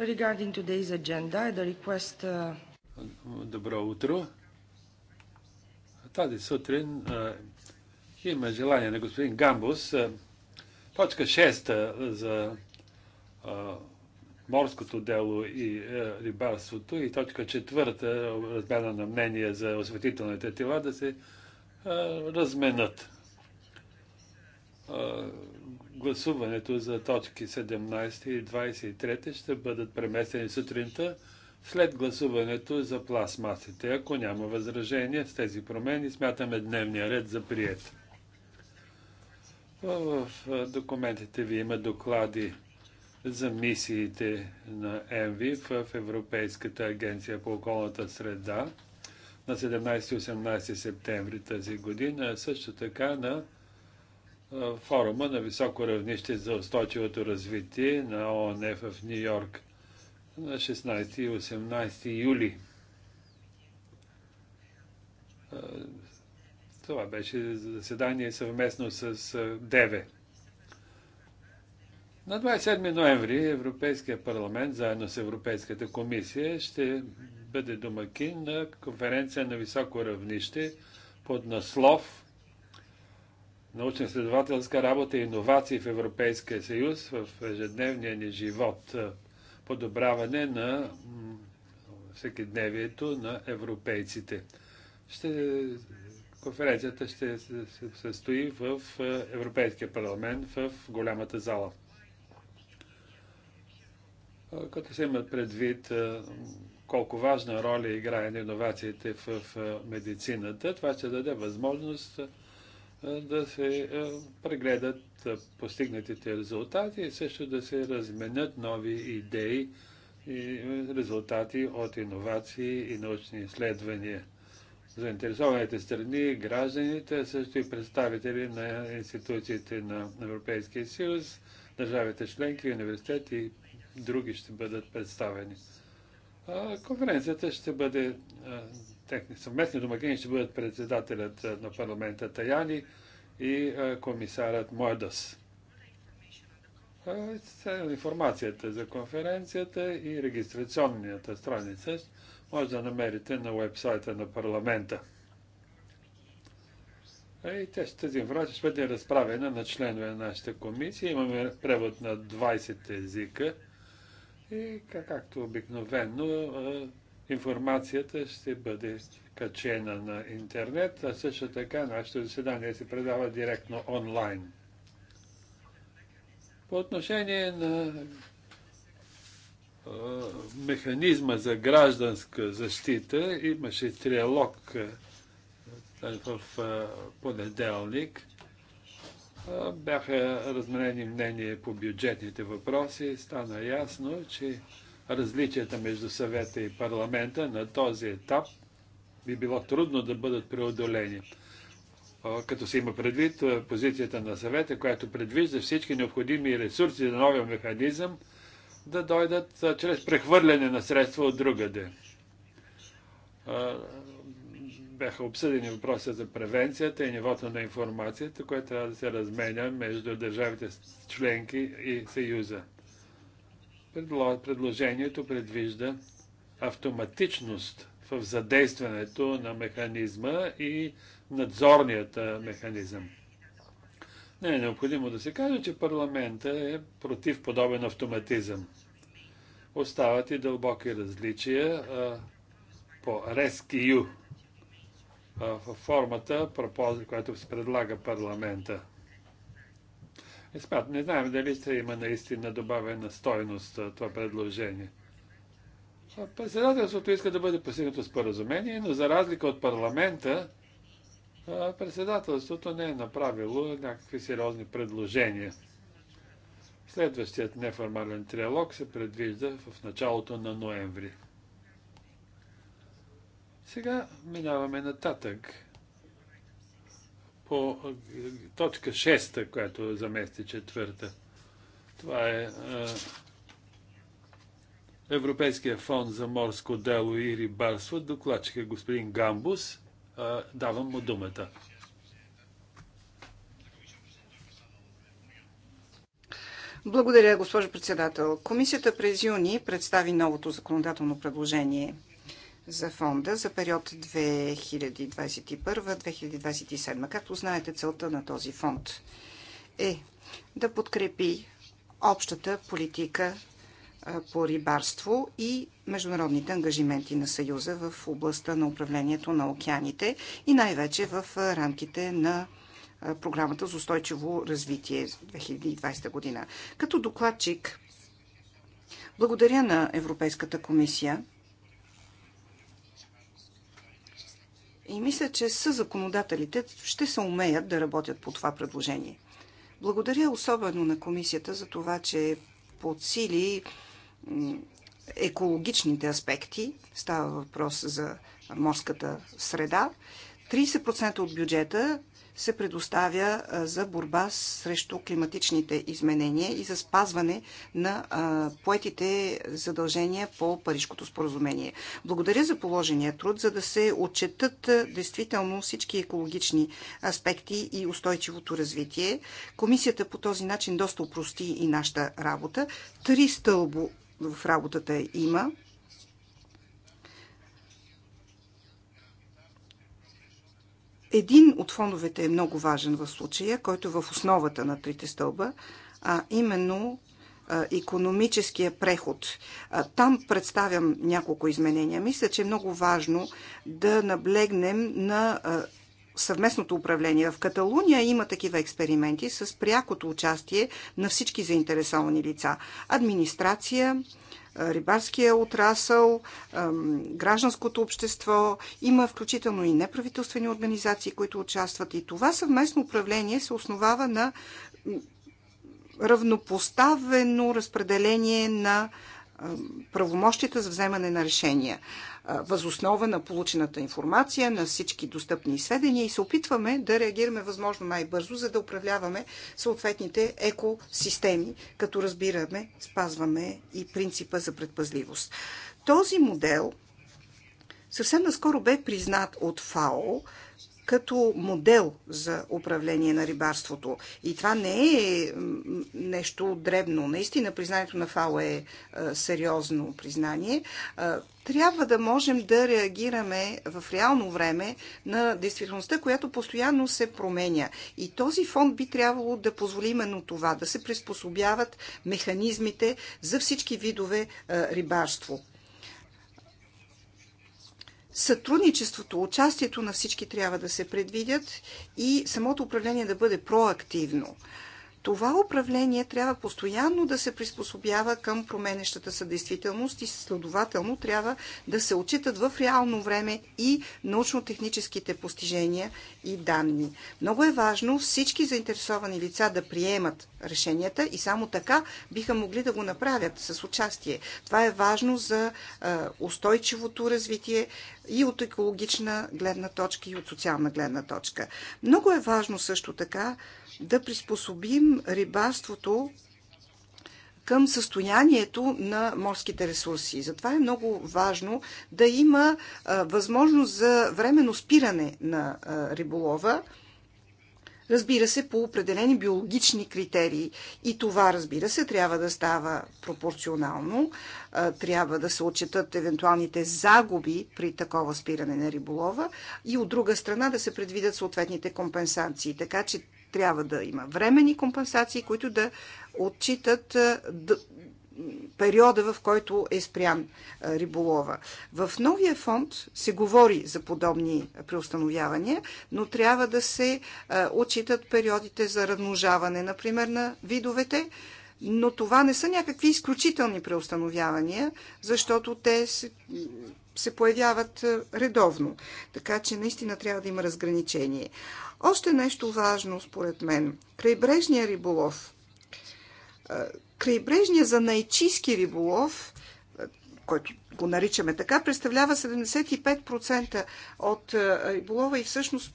Regarding today's agenda, the request... Uh, Добро утро. Тази сутрин има желание на господин Гамбус. Uh, точка 6 за морското дело и рибарството и точка 4 размяна на мнение за осветителните тела да се разменят гласуването за точки 17 и 23 ще бъдат преместени сутринта след гласуването за пластмасите. Ако няма възражение с тези промени, смятаме дневния ред за прият. В документите ви има доклади за мисиите на ЕМВИ в Европейската агенция по околната среда на 17-18 септември тази година, а също така на форума на високо равнище за устойчивото развитие на ООН в Нью Йорк на 16 и 18 юли. Това беше заседание съвместно с ДЕВЕ. На 27 ноември Европейския парламент, заедно с Европейската комисия, ще бъде домакин на конференция на високо равнище под наслов научно-следователска работа и иновации в Европейския съюз в ежедневния ни живот, подобраване на всекидневието на европейците. Ще, конференцията ще се състои в е, Европейския парламент в голямата зала. Като се имат предвид е, колко важна роля играе на иновациите в е, медицината, това ще даде възможност да се прегледат постигнатите резултати и също да се разменят нови идеи и резултати от иновации и научни изследвания. Заинтересованите страни, гражданите, също и представители на институциите на Европейския съюз, държавите членки, университети и други ще бъдат представени. Конференцията ще бъде техни съвместни домакини ще бъдат председателят е, на парламента Таяни и е, комисарят Мойдас. Е, информацията за конференцията и регистрационната страница може да намерите на вебсайта на парламента. И тази информация ще бъде разправена на членове на нашата комисия. Имаме превод на 20 езика. И както обикновено Информацията ще бъде качена на интернет, а също така нашето заседание се предава директно онлайн. По отношение на механизма за гражданска защита имаше триалог в понеделник. Бяха разменени мнения по бюджетните въпроси. Стана ясно, че различията между съвета и парламента на този етап би било трудно да бъдат преодолени. Като се има предвид позицията на съвета, която предвижда всички необходими ресурси за новия механизъм да дойдат чрез прехвърляне на средства от другаде. Бяха обсъдени въпроса за превенцията и нивото на информацията, което трябва да се разменя между държавите членки и Съюза. Предложението предвижда автоматичност в задействането на механизма и надзорният механизъм. Не е необходимо да се каже, че парламента е против подобен автоматизъм. Остават и дълбоки различия а, по Rescue, а, в формата, която се предлага парламента. Спад, не знаем дали ще има наистина добавена стойност това предложение. Председателството иска да бъде постигнато споразумение, но за разлика от парламента, председателството не е направило някакви сериозни предложения. Следващият неформален триалог се предвижда в началото на ноември. Сега минаваме нататък по точка 6, която замести четвърта. Това е Европейския фонд за морско дело и рибарство. Докладчик е господин Гамбус. Давам му думата. Благодаря, госпожо председател. Комисията през юни представи новото законодателно предложение – за фонда за период 2021-2027. Както знаете, целта на този фонд е да подкрепи общата политика по рибарство и международните ангажименти на Съюза в областта на управлението на океаните и най-вече в рамките на програмата за устойчиво развитие 2020 година. Като докладчик, благодаря на Европейската комисия И мисля, че с законодателите ще се умеят да работят по това предложение. Благодаря особено на комисията за това, че подсили екологичните аспекти. Става въпрос за морската среда. 30% от бюджета се предоставя за борба срещу климатичните изменения и за спазване на поетите задължения по Парижкото споразумение. Благодаря за положения труд, за да се отчетат действително всички екологични аспекти и устойчивото развитие. Комисията по този начин доста упрости и нашата работа. Три стълбо в работата има Един от фондовете е много важен в случая, който е в основата на трите стълба, а именно економическия преход. Там представям няколко изменения. Мисля, че е много важно да наблегнем на съвместното управление. В Каталуния има такива експерименти с прякото участие на всички заинтересовани лица. Администрация, рибарския отрасъл, гражданското общество. Има включително и неправителствени организации, които участват. И това съвместно управление се основава на равнопоставено разпределение на правомощията за вземане на решения възоснова на получената информация, на всички достъпни сведения и се опитваме да реагираме възможно най-бързо, за да управляваме съответните екосистеми, като разбираме, спазваме и принципа за предпазливост. Този модел съвсем наскоро бе признат от ФАО като модел за управление на рибарството. И това не е нещо дребно. Наистина признанието на ФАО е, е сериозно признание. Е, трябва да можем да реагираме в реално време на действителността, която постоянно се променя. И този фонд би трябвало да позволи именно това, да се приспособяват механизмите за всички видове е, рибарство сътрудничеството, участието на всички трябва да се предвидят и самото управление да бъде проактивно това управление трябва постоянно да се приспособява към променещата се действителност и следователно трябва да се отчитат в реално време и научно-техническите постижения и данни. Много е важно всички заинтересовани лица да приемат решенията и само така биха могли да го направят с участие. Това е важно за устойчивото развитие и от екологична гледна точка, и от социална гледна точка. Много е важно също така да приспособим рибарството към състоянието на морските ресурси. Затова е много важно да има а, възможност за временно спиране на а, риболова, разбира се, по определени биологични критерии. И това, разбира се, трябва да става пропорционално. А, трябва да се отчетат евентуалните загуби при такова спиране на риболова и от друга страна да се предвидят съответните компенсации. Така че трябва да има времени компенсации, които да отчитат периода, в който е спрян риболова. В новия фонд се говори за подобни преустановявания, но трябва да се отчитат периодите за размножаване, например, на видовете, но това не са някакви изключителни преустановявания, защото те се, се появяват редовно. Така че наистина трябва да има разграничение. Още нещо важно, според мен. Крайбрежния риболов. Крайбрежния за найчиски риболов, който го наричаме така, представлява 75% от риболова и всъщност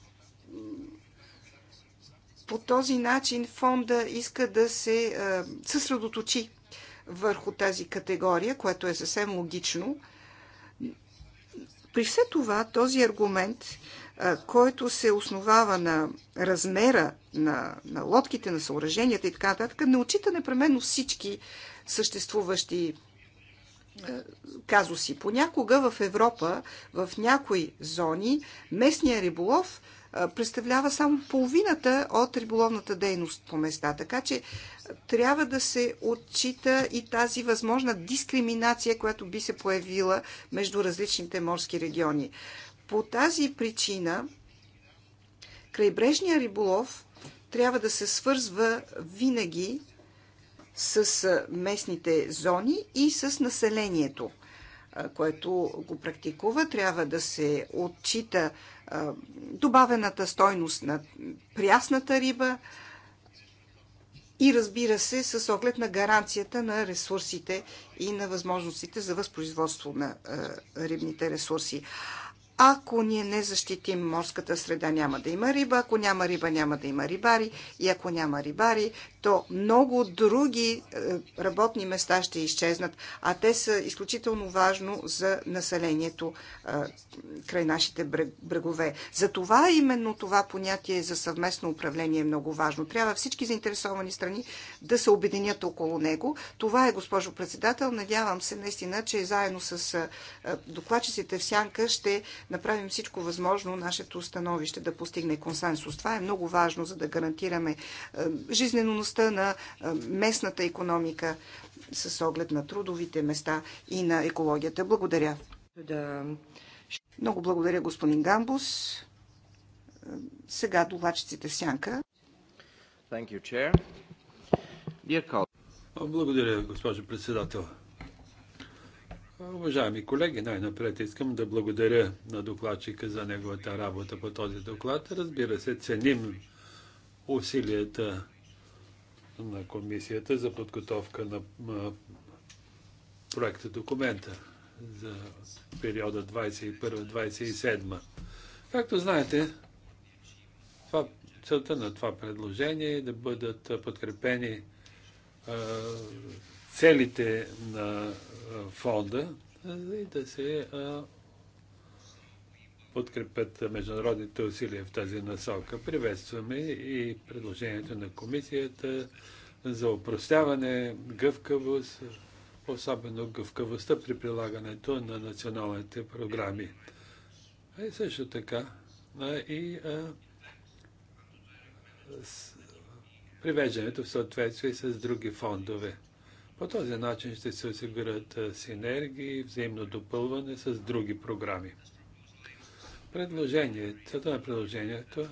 по този начин фонда иска да се съсредоточи върху тази категория, което е съвсем логично. При все това, този аргумент който се основава на размера на, на лодките, на съоръженията и така нататък, не отчита непременно всички съществуващи казуси. Понякога в Европа, в някои зони, местния риболов представлява само половината от риболовната дейност по места. Така че трябва да се отчита и тази възможна дискриминация, която би се появила между различните морски региони. По тази причина крайбрежния риболов трябва да се свързва винаги с местните зони и с населението, което го практикува. Трябва да се отчита добавената стойност на прясната риба и разбира се с оглед на гаранцията на ресурсите и на възможностите за възпроизводство на рибните ресурси. Ако ние не защитим морската среда, няма да има риба. Ако няма риба, няма да има рибари. И ако няма рибари, то много други е, работни места ще изчезнат, а те са изключително важно за населението е, край нашите брегове. За това именно това понятие за съвместно управление е много важно. Трябва всички заинтересовани страни да се обединят около него. Това е, госпожо председател. Надявам се наистина, че заедно с е, докладчиците в Сянка ще направим всичко възможно нашето становище да постигне консенсус. Това е много важно, за да гарантираме жизнеността устойчивостта на местната економика с оглед на трудовите места и на екологията. Благодаря. Да. Много благодаря, господин Гамбус. Сега долачиците сянка. You, благодаря, госпожо председател. Уважаеми колеги, най-напред искам да благодаря на докладчика за неговата работа по този доклад. Разбира се, ценим усилията на комисията за подготовка на проекта документа за периода 21-27. Както знаете, това, целта на това предложение е да бъдат подкрепени а, целите на фонда и да се а, подкрепят международните усилия в тази насока. Приветстваме и предложението на комисията за упростяване, гъвкавост, особено гъвкавостта при прилагането на националните програми. А и също така а, и а, с, привеждането в съответствие с други фондове. По този начин ще се осигурят синергии, взаимно допълване с други програми. Предложение, целта на предложението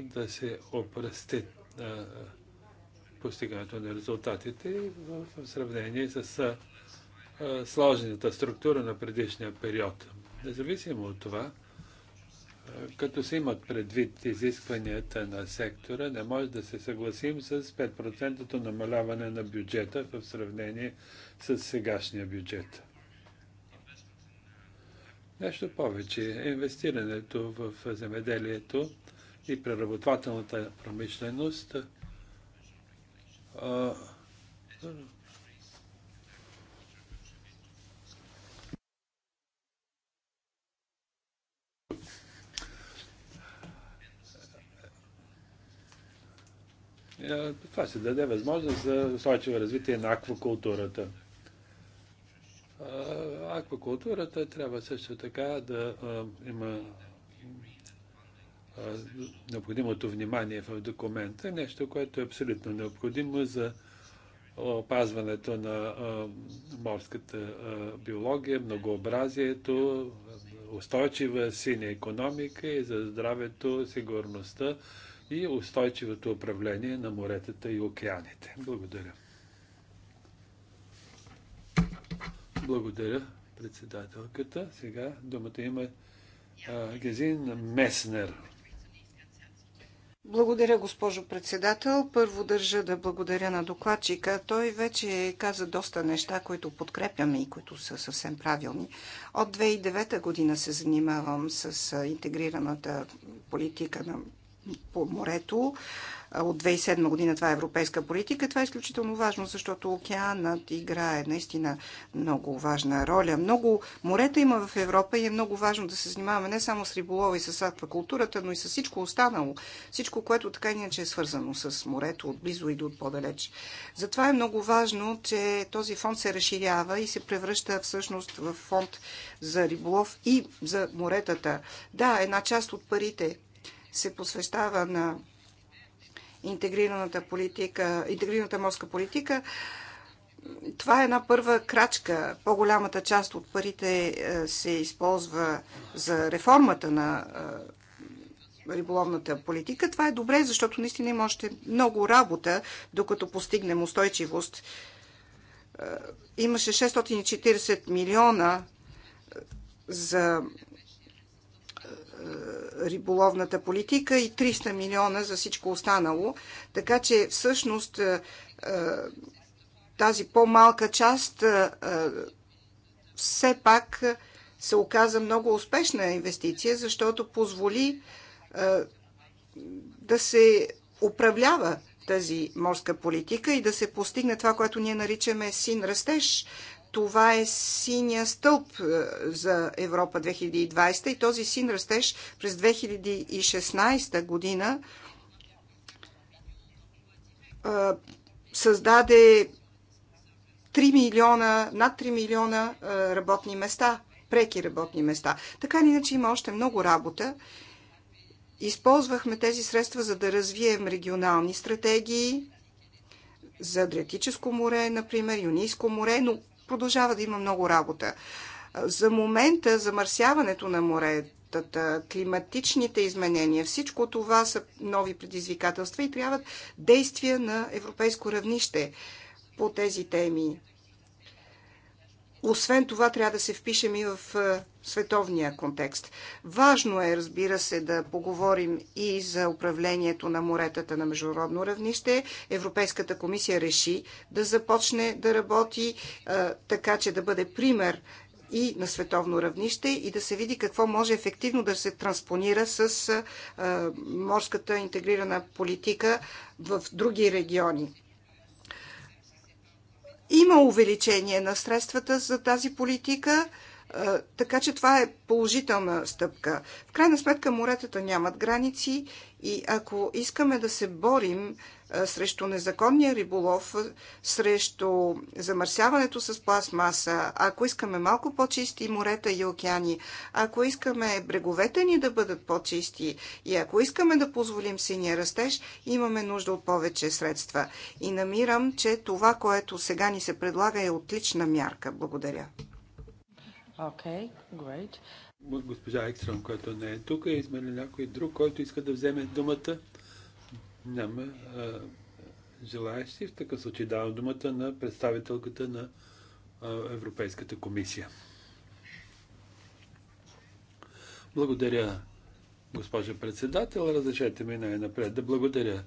да се опрости постигането на резултатите в сравнение с сложената структура на предишния период. Независимо от това, като се имат предвид изискванията на сектора, не може да се съгласим с 5 намаляване на бюджета в сравнение с сегашния бюджет. Нещо повече. Инвестирането в земеделието и преработвателната промишленост а, това се даде възможност за устойчиво развитие на аквакултурата. Аквакултурата трябва също така да има необходимото внимание в документа, нещо, което е абсолютно необходимо за опазването на морската биология, многообразието, устойчива синя економика и за здравето, сигурността и устойчивото управление на моретата и океаните. Благодаря. Благодаря, председателката. Сега думата има а, Гезин Меснер. Благодаря, госпожо председател. Първо държа да благодаря на докладчика. Той вече каза доста неща, които подкрепяме и които са съвсем правилни. От 2009 година се занимавам с интегрираната политика на по морето. От 2007 година това е европейска политика. Това е изключително важно, защото океанът играе наистина много важна роля. Много морета има в Европа и е много важно да се занимаваме не само с риболова и с аквакултурата, но и с всичко останало. Всичко, което така и иначе е свързано с морето, отблизо и до от по-далеч. Затова е много важно, че този фонд се разширява и се превръща всъщност в фонд за риболов и за моретата. Да, една част от парите се посвещава на интегрираната, политика, интегрираната морска политика, това е една първа крачка. По-голямата част от парите е, се използва за реформата на е, риболовната политика. Това е добре, защото наистина има още много работа, докато постигнем устойчивост. Е, имаше 640 милиона за риболовната политика и 300 милиона за всичко останало. Така че всъщност е, е, тази по-малка част е, все пак се оказа много успешна инвестиция, защото позволи да се управлява тази морска политика и да се постигне това, което ние наричаме син растеж, това е синия стълб е, за Европа 2020 и този син растеж през 2016 година е, създаде 3 милиона, над 3 милиона е, работни места, преки работни места. Така или иначе има още много работа. Използвахме тези средства, за да развием регионални стратегии за Адриатическо море, например, Юнийско море, но продължава да има много работа. За момента замърсяването на моретата, климатичните изменения, всичко това са нови предизвикателства и трябват действия на европейско равнище по тези теми. Освен това, трябва да се впишем и в е, световния контекст. Важно е, разбира се, да поговорим и за управлението на моретата на международно равнище. Европейската комисия реши да започне да работи е, така, че да бъде пример и на световно равнище и да се види какво може ефективно да се транспонира с е, морската интегрирана политика в други региони. Има увеличение на средствата за тази политика, така че това е положителна стъпка. В крайна сметка моретата нямат граници и ако искаме да се борим срещу незаконния риболов, срещу замърсяването с пластмаса, ако искаме малко по-чисти морета и океани, ако искаме бреговете ни да бъдат по-чисти и ако искаме да позволим синия растеж, имаме нужда от повече средства. И намирам, че това, което сега ни се предлага е отлична мярка. Благодаря. Okay, great. Госпожа Екстрам, която не е тук, е измерен някой друг, който иска да вземе думата. Няма а, желаящи. В такъв случай давам думата на представителката на а, Европейската комисия. Благодаря, госпожа председател. Разрешете ми най-напред да благодаря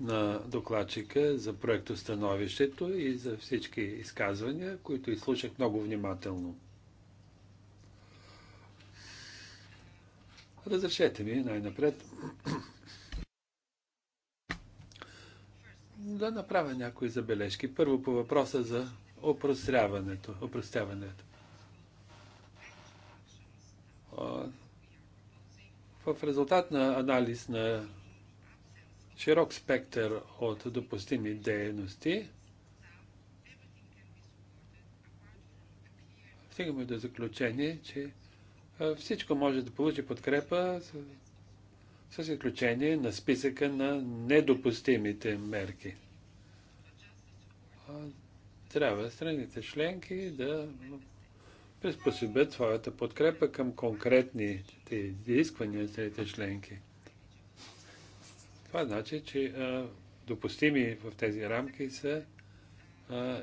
на докладчика за становището и за всички изказвания, които изслушах много внимателно. Разрешете ми най-напред да направя някои забележки. Първо по въпроса за опростяването. опростяването. В резултат на анализ на широк спектър от допустими дейности, стигаме до заключение, че всичко може да получи подкрепа с изключение на списъка на недопустимите мерки. Трябва страните членки да приспособят своята подкрепа към конкретните изисквания на страните членки. Това значи, че а, допустими в тези рамки са а,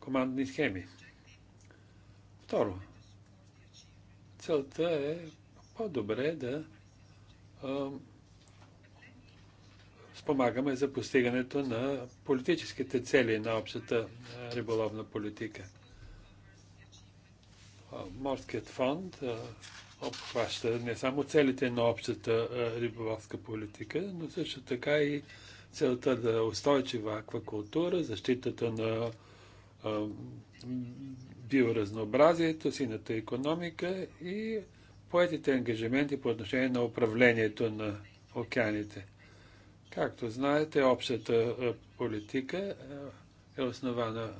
командни схеми. Второ, целта е по-добре да спомагаме за постигането на политическите цели на общата е, риболовна политика. Морският фонд е, обхваща не само целите на общата е, риболовска политика, но също така и целта да устойчива аквакултура, защитата на биоразнообразието, сината економика и поетите ангажименти по отношение на управлението на океаните. Както знаете, общата политика е основана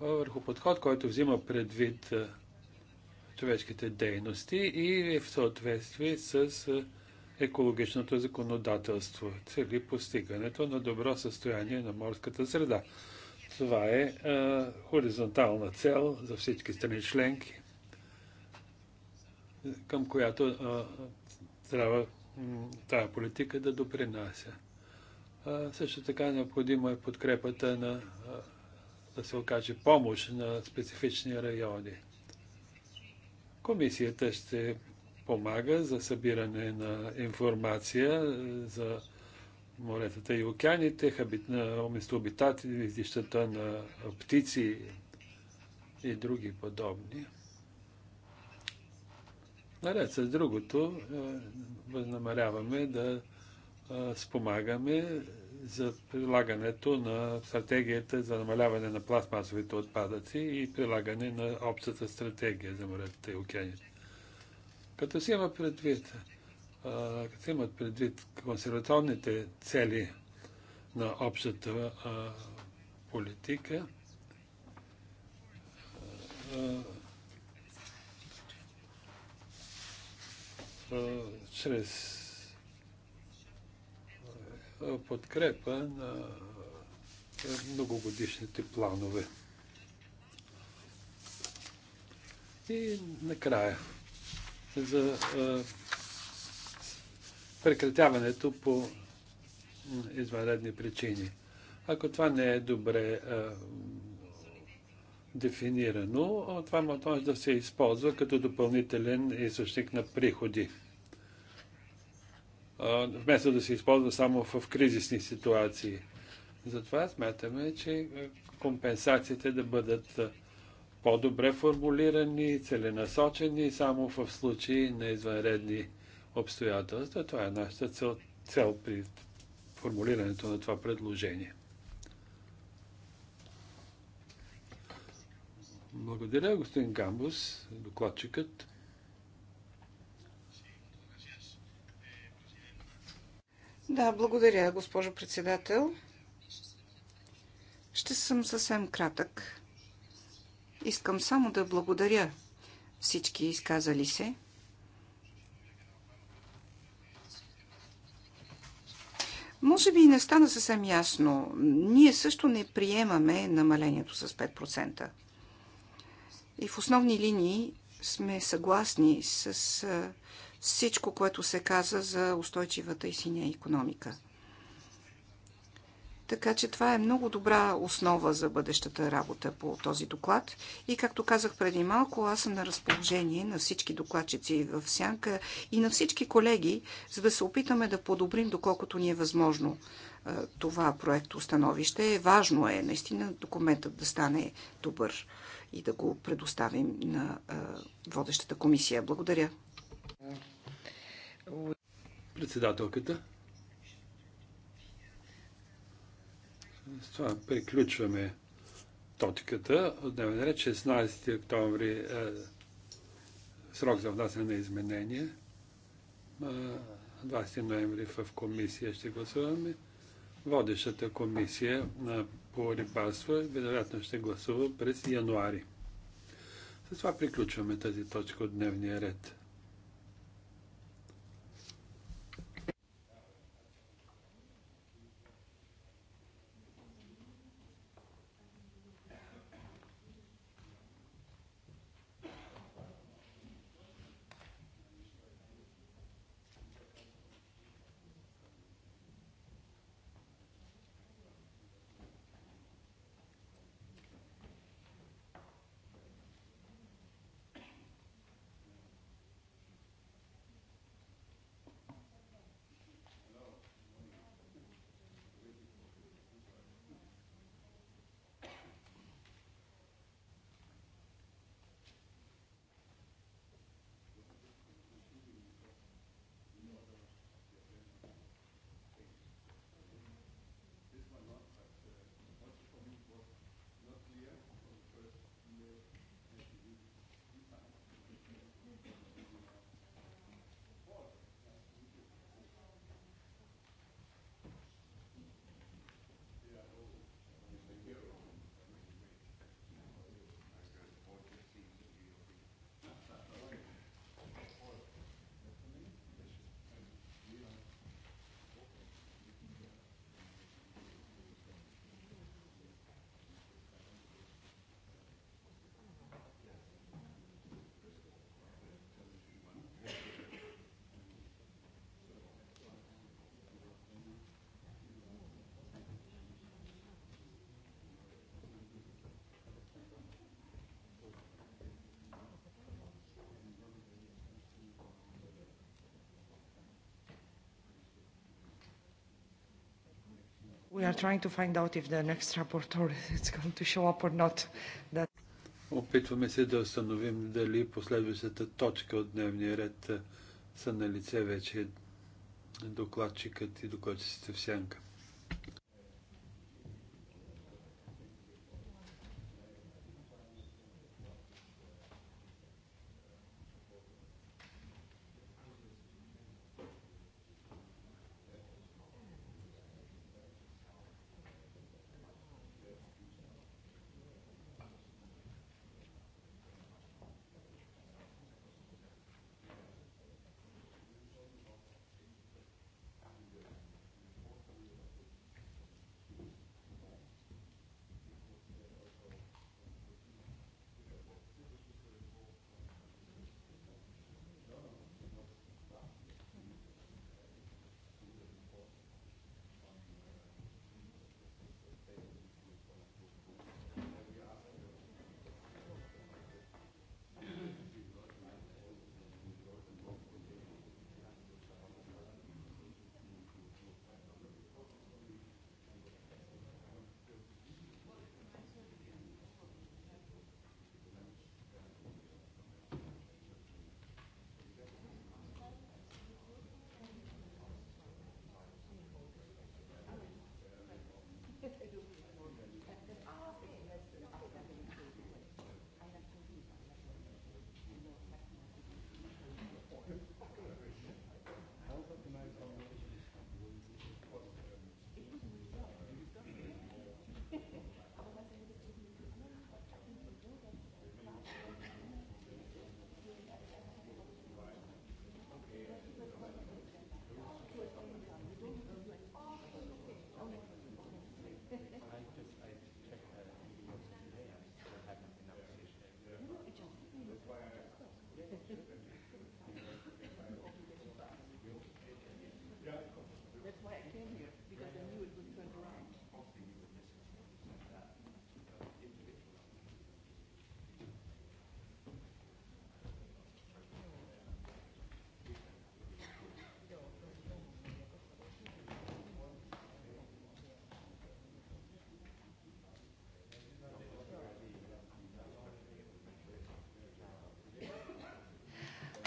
върху подход, който взима предвид човешките дейности и е в съответствие с екологичното законодателство. Цели постигането на добро състояние на морската среда. Това е хоризонтална цел за всички страни членки към която а, трябва тази политика да допринася. А, също така необходима е подкрепата на, а, да се окаже помощ на специфични райони. Комисията ще помага за събиране на информация за моретата и океаните, хабит на местообитатели, на птици и други подобни. Наред с другото, е, възнамеряваме да е, спомагаме за прилагането на стратегията за намаляване на пластмасовите отпадъци и прилагане на общата стратегия за морето и океаните. Като се има предвид, е, като имат предвид консервационните цели на общата политика, чрез подкрепа на е, многогодишните планове. И накрая за прекратяването по извънредни причини. Ако това не е добре дефинирано, това може да се използва като допълнителен източник на приходи. Вместо да се използва само в кризисни ситуации. Затова смятаме, че компенсациите да бъдат по-добре формулирани, целенасочени само в случаи на извънредни обстоятелства. Това е нашата цел, цел при формулирането на това предложение. Благодаря, господин Гамбус, докладчикът. Да, благодаря, госпожо председател. Ще съм съвсем кратък. Искам само да благодаря всички изказали се. Може би не стана съвсем ясно. Ние също не приемаме намалението с 5%. И в основни линии сме съгласни с всичко, което се каза за устойчивата и синя економика. Така че това е много добра основа за бъдещата работа по този доклад. И както казах преди малко, аз съм на разположение на всички докладчици в Сянка и на всички колеги, за да се опитаме да подобрим доколкото ни е възможно това проекто установище. Важно е наистина документът да стане добър и да го предоставим на водещата комисия. Благодаря. Председателката. С това приключваме точката. От дневен ред 16 октомври е срок за внасяне на изменения. 20 е, ноември в комисия ще гласуваме. Водещата комисия на по рибарство вероятно ще гласува през януари. С това приключваме тази точка от дневния ред. We are trying to find out if the next rapporteur is going to show up or not. That... Опитваме се да установим дали последващата точка от дневния ред е, са на лице вече докладчикът и докладчиците в сянка.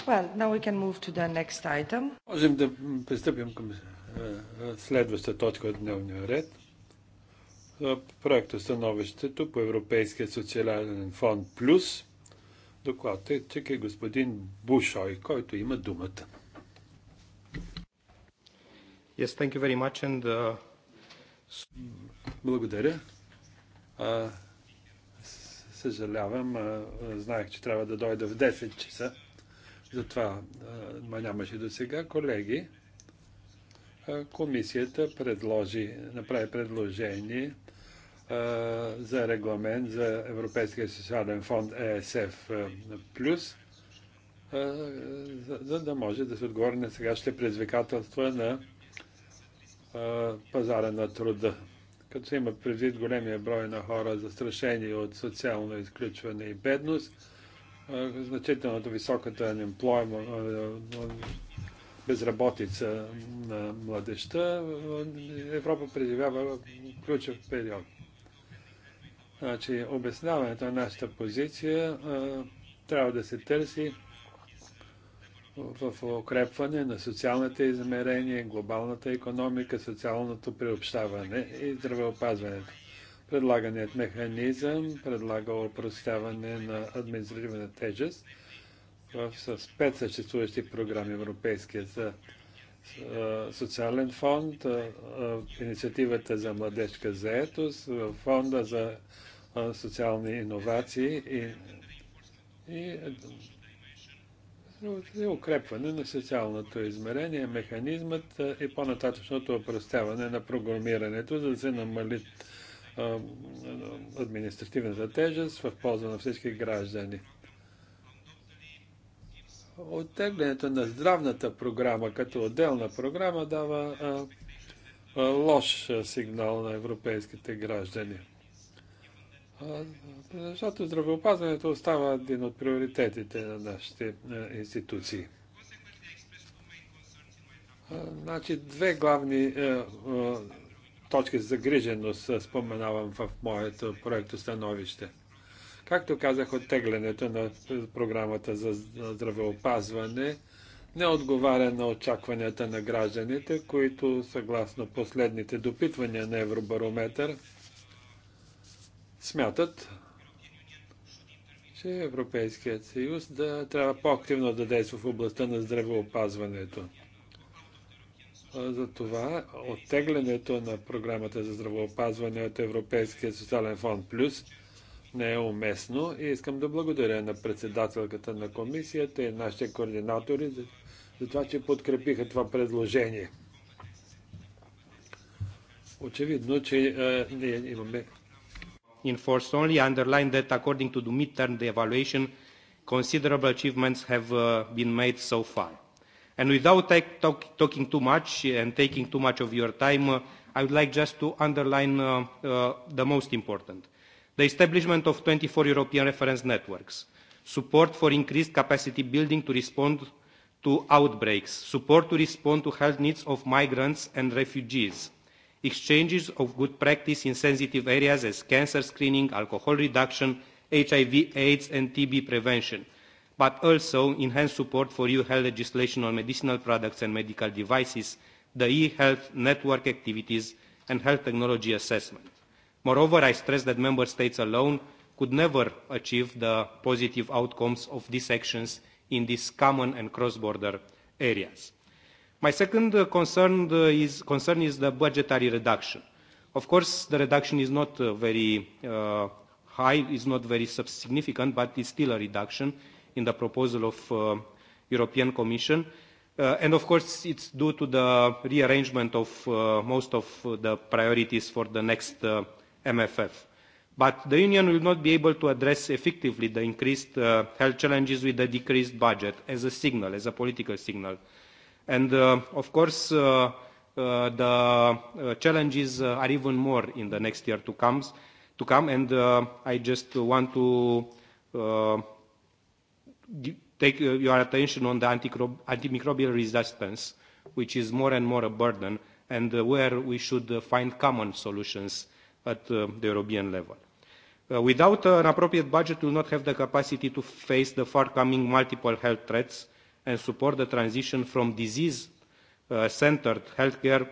Well, now we can move to the next item. Можем да пристъпим към е, е, следваща точка от дневния ред. Е, проекто становището по Европейския социален фонд Плюс. Докладът е чека господин Бушой, който има думата. Yes, thank you very much and, uh... Благодаря. А, съжалявам, а, знаех, че трябва да дойда в 10 часа затова ма нямаше до сега, колеги. Комисията предложи, направи предложение за регламент за Европейския социален фонд ЕСФ плюс, за, да може да се отговори на сегашните предизвикателства на пазара на труда. Като се има предвид големия брой на хора, застрашени от социално изключване и бедност, значителната високата безработица на младеща, Европа преживява ключов период. Значи, обясняването на нашата позиция трябва да се търси в укрепване на социалните измерения, глобалната економика, социалното приобщаване и здравеопазването. Предлаганият механизъм предлага опростяване на административна тежест в, с пет съществуващи програми Европейския за социален фонд, инициативата за младежка заетост, фонда за социални иновации и, и, и укрепване на социалното измерение, механизмът и по-нататъчното опростяване на програмирането, за да се намалят административната тежест в полза на всички граждани. Оттеглянето на здравната програма като отделна програма дава а, а, лош сигнал на европейските граждани. А, защото здравеопазването остава един от приоритетите на нашите институции. Значи две главни точки за загриженост споменавам в моето проекто становище. Както казах, оттеглянето на програмата за здравеопазване не отговаря на очакванията на гражданите, които съгласно последните допитвания на Евробарометър смятат, че Европейският съюз да трябва по-активно да действа в областта на здравеопазването за това оттеглянето на програмата за здравеопазване от Европейския социален фонд Плюс не е уместно и искам да благодаря на председателката на комисията и нашите координатори за, за това, че подкрепиха това предложение. Очевидно, че е, ние имаме. Enforced only underline that according to the midterm the evaluation considerable achievements have uh, been made so far. And without talk, talking too much and taking too much of your time, uh, I would like just to underline uh, uh, the most important. The establishment of 24 European reference networks, support for increased capacity building to respond to outbreaks, support to respond to health needs of migrants and refugees, exchanges of good practice in sensitive areas as cancer screening, alcohol reduction, HIV, AIDS and TB prevention, but also enhanced support for EU health legislation on medicinal products and medical devices, the e-health network activities, and health technology assessment. Moreover, I stress that member states alone could never achieve the positive outcomes of these actions in these common and cross-border areas. My second concern, is, concern is the budgetary reduction. Of course, the reduction is not very uh, high, is not very significant, but it's still a reduction in the proposal of uh, European Commission. Uh, and of course, it's due to the rearrangement of uh, most of the priorities for the next uh, MFF. But the Union will not be able to address effectively the increased uh, health challenges with the decreased budget as a signal, as a political signal. And uh, of course, uh, uh, the uh, challenges uh, are even more in the next year to come. To come, and uh, I just want to uh, take uh, your attention on the antimicrob antimicrobial resistance, which is more and more a burden, and uh, where we should uh, find common solutions at uh, the European level. Uh, without uh, an appropriate budget, we will not have the capacity to face the far-coming multiple health threats and support the transition from disease-centered healthcare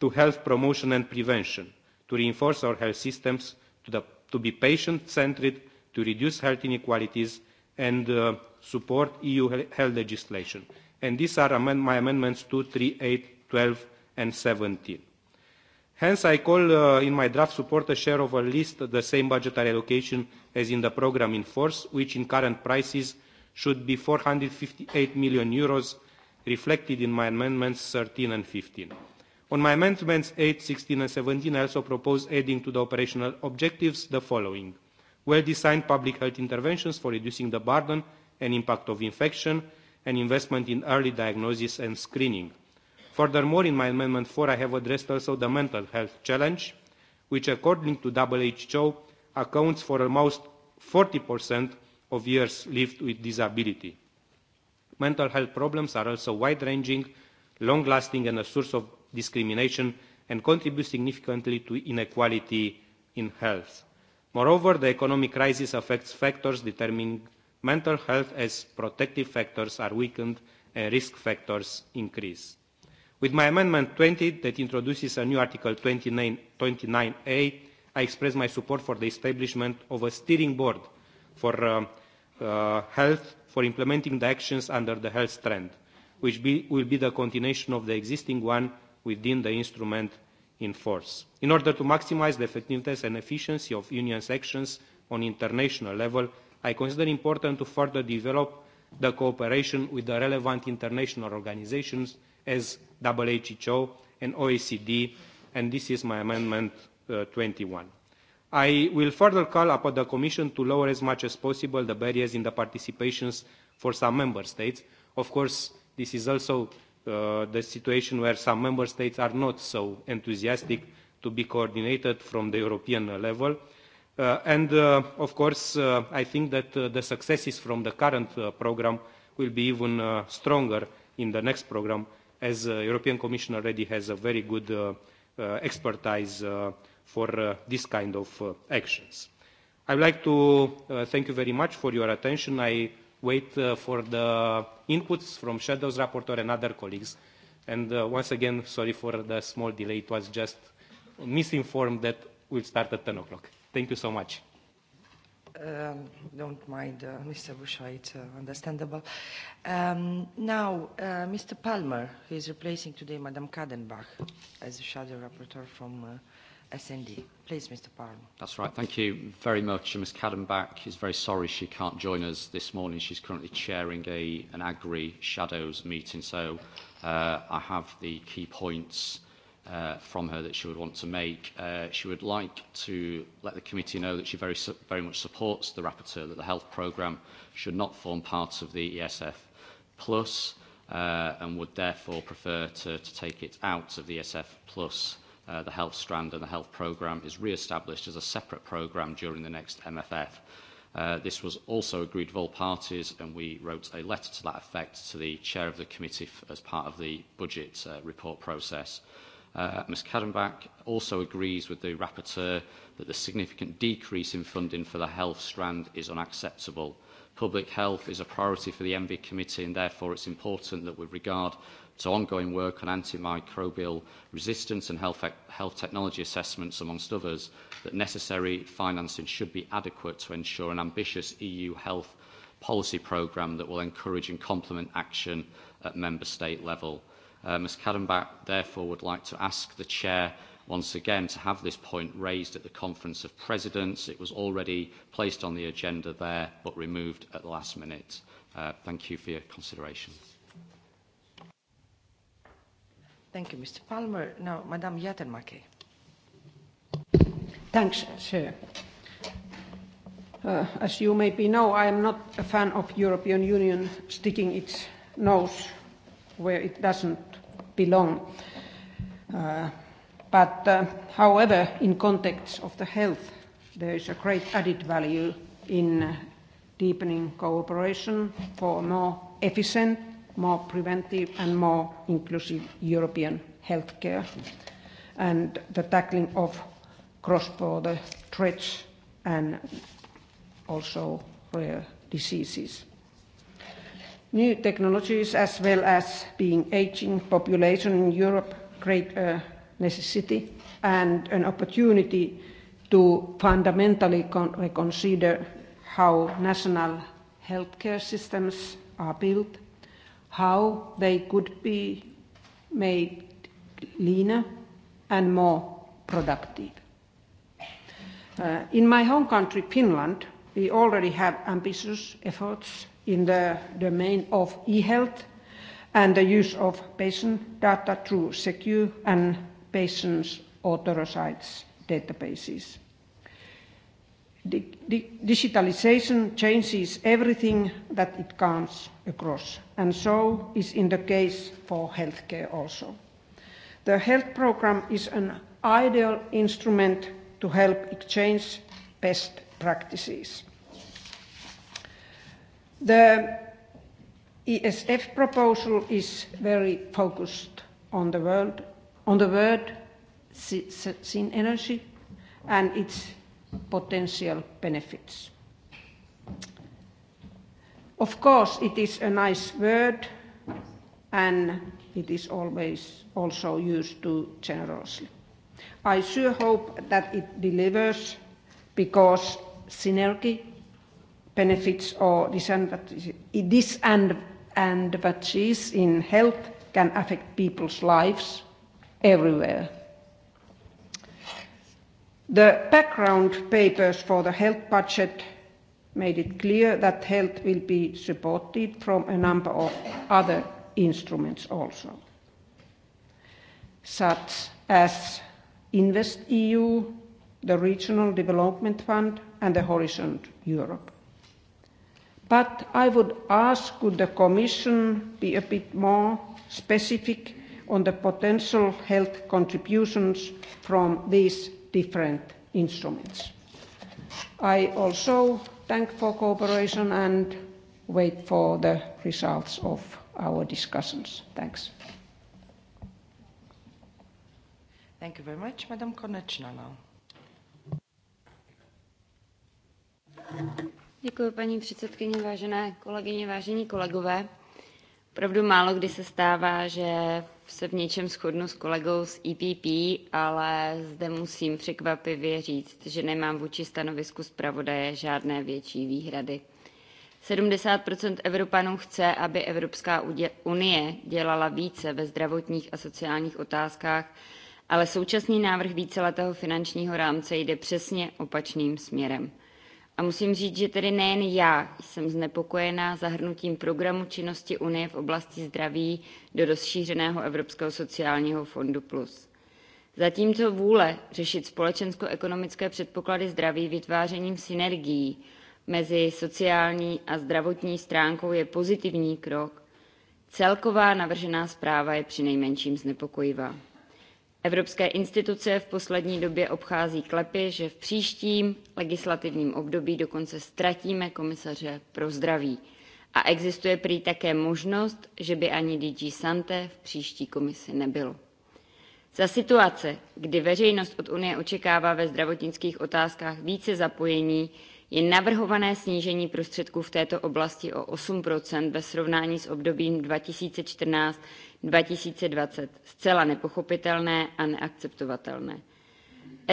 to health promotion and prevention, to reinforce our health systems to, the, to be patient-centered, to reduce health inequalities, and uh, support EU health legislation. And these are amend my amendments 2, 3, 8, 12, and 17. Hence, I call uh, in my draft support a share of at least the same budgetary allocation as in the program in force, which in current prices should be 458 million euros, reflected in my amendments 13 and 15. On my amendments 8, 16, and 17, I also propose adding to the operational objectives the following well-designed public health interventions for reducing the burden and impact of infection, and investment in early diagnosis and screening. Furthermore, in my Amendment 4, I have addressed also the mental health challenge, which according to WHO accounts for almost 40% of years lived with disability. Mental health problems are also wide-ranging, long-lasting and a source of discrimination and contribute significantly to inequality in health. Moreover, the economic crisis affects factors determining mental health as protective factors are weakened and risk factors increase. With my Amendment 20 that introduces a new Article 29, 29A, I express my support for the establishment of a steering board for uh, health for implementing the actions under the health trend, which be, will be the continuation of the existing one within the instrument in force in order to maximise the effectiveness and efficiency of the union's actions on international level i consider it important to further develop the cooperation with the relevant international organisations as who and oecd and this is my amendment twenty one. i will further call upon the commission to lower as much as possible the barriers in the participation for some member states. of course this is also the situation where some member states are not so enthusiastic to be coordinated from the European level. Uh, and uh, of course, uh, I think that uh, the successes from the current uh, program will be even uh, stronger in the next program, as the uh, European Commission already has a very good uh, uh, expertise uh, for uh, this kind of uh, actions. I would like to uh, thank you very much for your attention. I wait uh, for the inputs from Shadows Rapporteur and other colleagues. And uh, once again, sorry for the small delay. It was just misinformed that we'll start at 10 o'clock. Thank you so much. Um, don't mind, uh, Mr. Bushra, it's uh, understandable. Um, now, uh, Mr. Palmer, who is replacing today Madame Kadenbach as the shadow rapporteur from uh, SND. Please, Mr. Parham. That's right. Thank you very much. And Ms. Kadenbach is very sorry she can't join us this morning. She's currently chairing a, an Agri Shadows meeting, so uh, I have the key points uh, from her that she would want to make. Uh, she would like to let the committee know that she very, very much supports the rapporteur that the health programme should not form part of the ESF plus uh, and would therefore prefer to, to take it out of the ESF plus the health strand and the health programme is re-established as a separate programme during the next MFF. Uh, this was also agreed with all parties, and we wrote a letter to that effect to the chair of the committee as part of the budget uh, report process. Uh, Ms Kadenbach also agrees with the rapporteur that the significant decrease in funding for the health strand is unacceptable. Public health is a priority for the MV Committee and therefore it's important that with regard to ongoing work on antimicrobial resistance and health, health technology assessments, amongst others, that necessary financing should be adequate to ensure an ambitious EU health policy programme that will encourage and complement action at member state level. Uh, Ms Kadenbach therefore would like to ask the Chair once again to have this point raised at the Conference of Presidents. It was already placed on the agenda there but removed at the last minute. Uh, thank you for your consideration. Thank you, Mr. Palmer. Now, Madame Yatenmake. Thanks, Chair. Uh, as you maybe know, I am not a fan of European Union sticking its nose where it doesn't belong. Uh, but, uh, however, in context of the health, there is a great added value in deepening cooperation for a more efficient more preventive and more inclusive European healthcare and the tackling of cross-border threats and also rare diseases. New technologies as well as being aging population in Europe create a necessity and an opportunity to fundamentally reconsider how national healthcare systems are built how they could be made leaner and more productive. Uh, in my home country, Finland, we already have ambitious efforts in the domain of e-health and the use of patient data through secure and patients' authorized databases. Digitalization changes everything that it counts across, and so is in the case for healthcare also. The health program is an ideal instrument to help exchange best practices. The ESF proposal is very focused on the world, on the word sin energy and its potential benefits. Of course, it is a nice word, and it is always also used too generously. I sure hope that it delivers because synergy benefits or disadvantages in health can affect people's lives everywhere. The background papers for the health budget made it clear that health will be supported from a number of other instruments also, such as InvestEU, the Regional Development Fund, and the Horizon Europe. But I would ask, could the Commission be a bit more specific on the potential health contributions from these different instruments? I also thank for cooperation and wait for the results of our discussions. Thanks. Thank you very much. Madam Konecna now. Děkuji, paní předsedkyně, vážené kolegyně, vážení kolegové. Opravdu málo kdy se stává, že se v něčem shodnu s kolegou z EPP, ale zde musím překvapivě říct, že nemám vůči stanovisku zpravodaje žádné větší výhrady. 70 Evropanů chce, aby Evropská unie dělala více ve zdravotních a sociálních otázkách, ale současný návrh víceletého finančního rámce jde přesně opačným směrem. A musím říct, že tedy nejen já jsem znepokojená zahrnutím programu činnosti Unie v oblasti zdraví do rozšířeného Evropského sociálního fondu plus. Zatímco vůle řešit společensko-ekonomické předpoklady zdraví vytvářením synergií mezi sociální a zdravotní stránkou je pozitivní krok, celková navržená zpráva je přinejmenším znepokojivá. Evropské instituce v poslední době obchází klepy, že v příštím legislativním období dokonce ztratíme komisaře pro zdraví. A existuje prý také možnost, že by ani DG Sante v příští komisi nebylo. Za situace, kdy veřejnost od Unie očekává ve zdravotnických otázkách více zapojení, Je navrhované snížení prostředků v této oblasti o 8 ve srovnání s obdobím 2014-2020 zcela nepochopitelné a neakceptovatelné.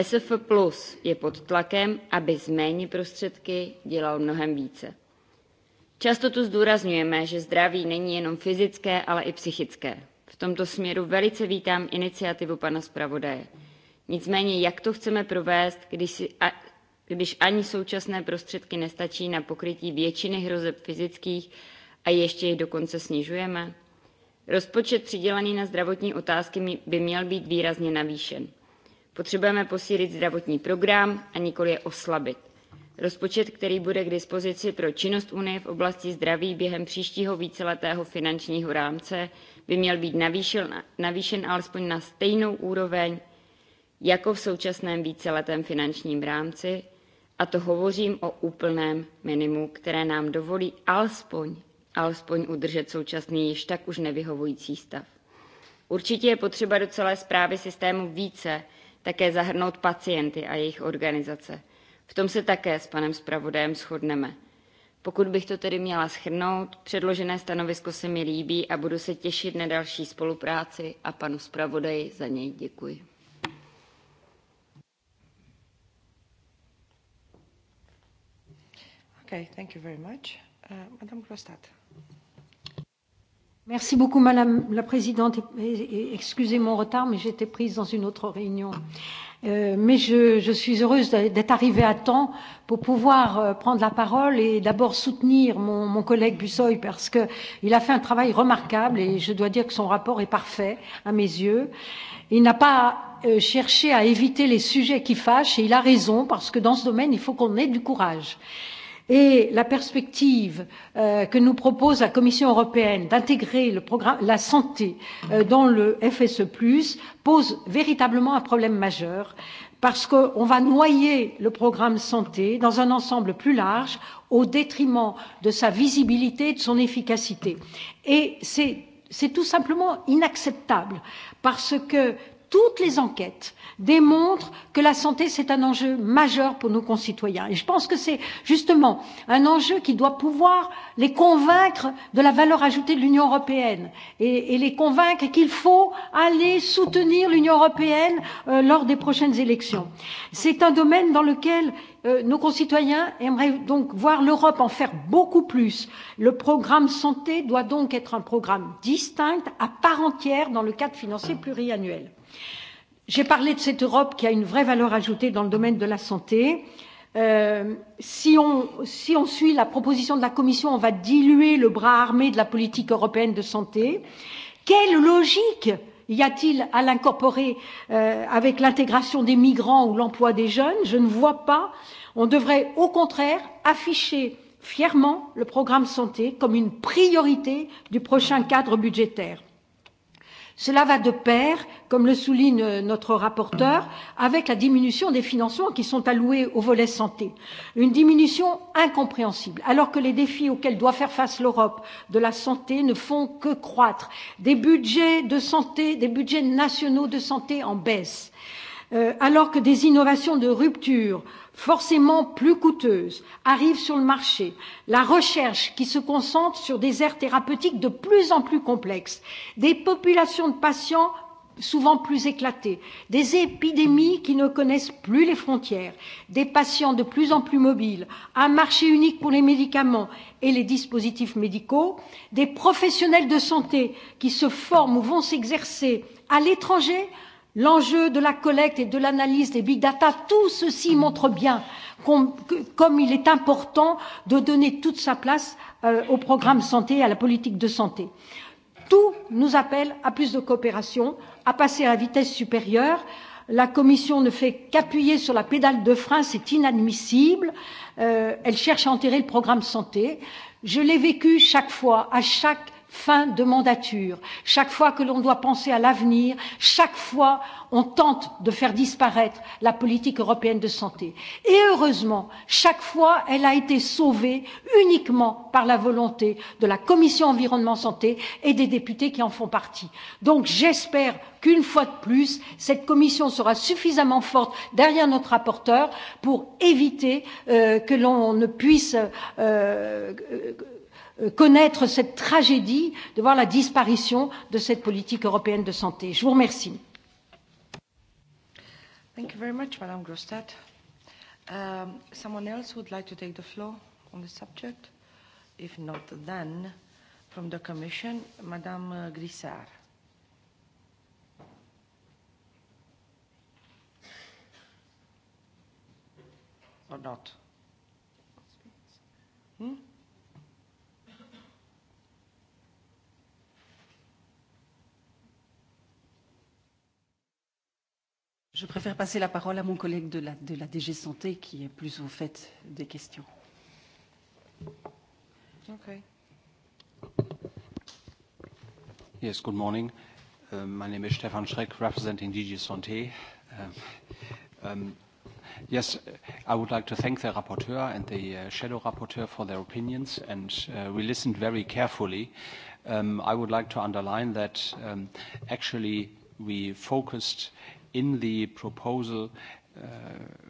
SF Plus je pod tlakem, aby z méně prostředky dělal mnohem více. Často tu zdůrazňujeme, že zdraví není jenom fyzické, ale i psychické. V tomto směru velice vítám iniciativu pana zpravodaje. Nicméně, jak to chceme provést, když si když ani současné prostředky nestačí na pokrytí většiny hrozeb fyzických a ještě je dokonce snižujeme? Rozpočet přidělený na zdravotní otázky by měl být výrazně navýšen. Potřebujeme posílit zdravotní program a nikoli je oslabit. Rozpočet, který bude k dispozici pro činnost Unie v oblasti zdraví během příštího víceletého finančního rámce, by měl být navýšen, navýšen alespoň na stejnou úroveň jako v současném víceletém finančním rámci, A to hovořím o úplném minimu, které nám dovolí alespoň, alespoň udržet současný již tak už nevyhovující stav. Určitě je potřeba do celé zprávy systému více také zahrnout pacienty a jejich organizace. V tom se také s panem zpravodajem shodneme. Pokud bych to tedy měla schrnout, předložené stanovisko se mi líbí a budu se těšit na další spolupráci a panu zpravodaji za něj děkuji. Okay, thank you very much. Uh, Madame Grostat. Merci beaucoup, Madame la Présidente. Excusez mon retard, mais j'étais prise dans une autre réunion. Euh, mais je, je suis heureuse d'être arrivée à temps pour pouvoir prendre la parole et d'abord soutenir mon, mon collègue Bussoy parce qu'il a fait un travail remarquable et je dois dire que son rapport est parfait à mes yeux. Il n'a pas cherché à éviter les sujets qui fâchent et il a raison parce que dans ce domaine, il faut qu'on ait du courage et la perspective euh, que nous propose la Commission européenne d'intégrer le programme, la santé euh, dans le FSE+, pose véritablement un problème majeur parce qu'on va noyer le programme santé dans un ensemble plus large au détriment de sa visibilité et de son efficacité. Et c'est tout simplement inacceptable parce que toutes les enquêtes démontrent que la santé, c'est un enjeu majeur pour nos concitoyens. Et je pense que c'est justement un enjeu qui doit pouvoir les convaincre de la valeur ajoutée de l'Union européenne et, et les convaincre qu'il faut aller soutenir l'Union européenne euh, lors des prochaines élections. C'est un domaine dans lequel euh, nos concitoyens aimeraient donc voir l'Europe en faire beaucoup plus. Le programme santé doit donc être un programme distinct, à part entière, dans le cadre financier pluriannuel. J'ai parlé de cette Europe qui a une vraie valeur ajoutée dans le domaine de la santé. Euh, si, on, si on suit la proposition de la Commission, on va diluer le bras armé de la politique européenne de santé. Quelle logique y a-t-il à l'incorporer euh, avec l'intégration des migrants ou l'emploi des jeunes Je ne vois pas. On devrait au contraire afficher fièrement le programme santé comme une priorité du prochain cadre budgétaire Cela va de pair, comme le souligne notre rapporteur, avec la diminution des financements qui sont alloués au volet santé. Une diminution incompréhensible, alors que les défis auxquels doit faire face l'Europe de la santé ne font que croître. Des budgets de santé, des budgets nationaux de santé en baisse alors que des innovations de rupture, forcément plus coûteuses, arrivent sur le marché, la recherche qui se concentre sur des aires thérapeutiques de plus en plus complexes, des populations de patients souvent plus éclatées, des épidémies qui ne connaissent plus les frontières, des patients de plus en plus mobiles, un marché unique pour les médicaments et les dispositifs médicaux, des professionnels de santé qui se forment ou vont s'exercer à l'étranger l'enjeu de la collecte et de l'analyse des big data, tout ceci montre bien comme il est important de donner toute sa place au programme santé et à la politique de santé. Tout nous appelle à plus de coopération, à passer à la vitesse supérieure. La Commission ne fait qu'appuyer sur la pédale de frein, c'est inadmissible. elle cherche à enterrer le programme santé. Je l'ai vécu chaque fois, à chaque fin de mandature. Chaque fois que l'on doit penser à l'avenir, chaque fois on tente de faire disparaître la politique européenne de santé. Et heureusement, chaque fois elle a été sauvée uniquement par la volonté de la commission environnement santé et des députés qui en font partie. Donc j'espère qu'une fois de plus, cette commission sera suffisamment forte derrière notre rapporteur pour éviter que l'on ne puisse connaître cette tragédie de voir la disparition de cette politique européenne de santé. Je vous remercie. Thank you very much, Madame Grostat. Um, someone else would like to take the floor on the subject? If not, then from the Commission, Madame Grissard. Or not? Je préfère passer la parole à mon collègue de la, de la DG Santé qui est plus au fait des questions. Okay. Yes, good morning. Uh, my name is Stefan Schreck, representing DG Santé. Uh, um, yes, I would like to thank the rapporteur and the uh, shadow rapporteur for their opinions, and uh, we listened very carefully. Um, I would like to underline that um, actually we focused in the proposal, uh,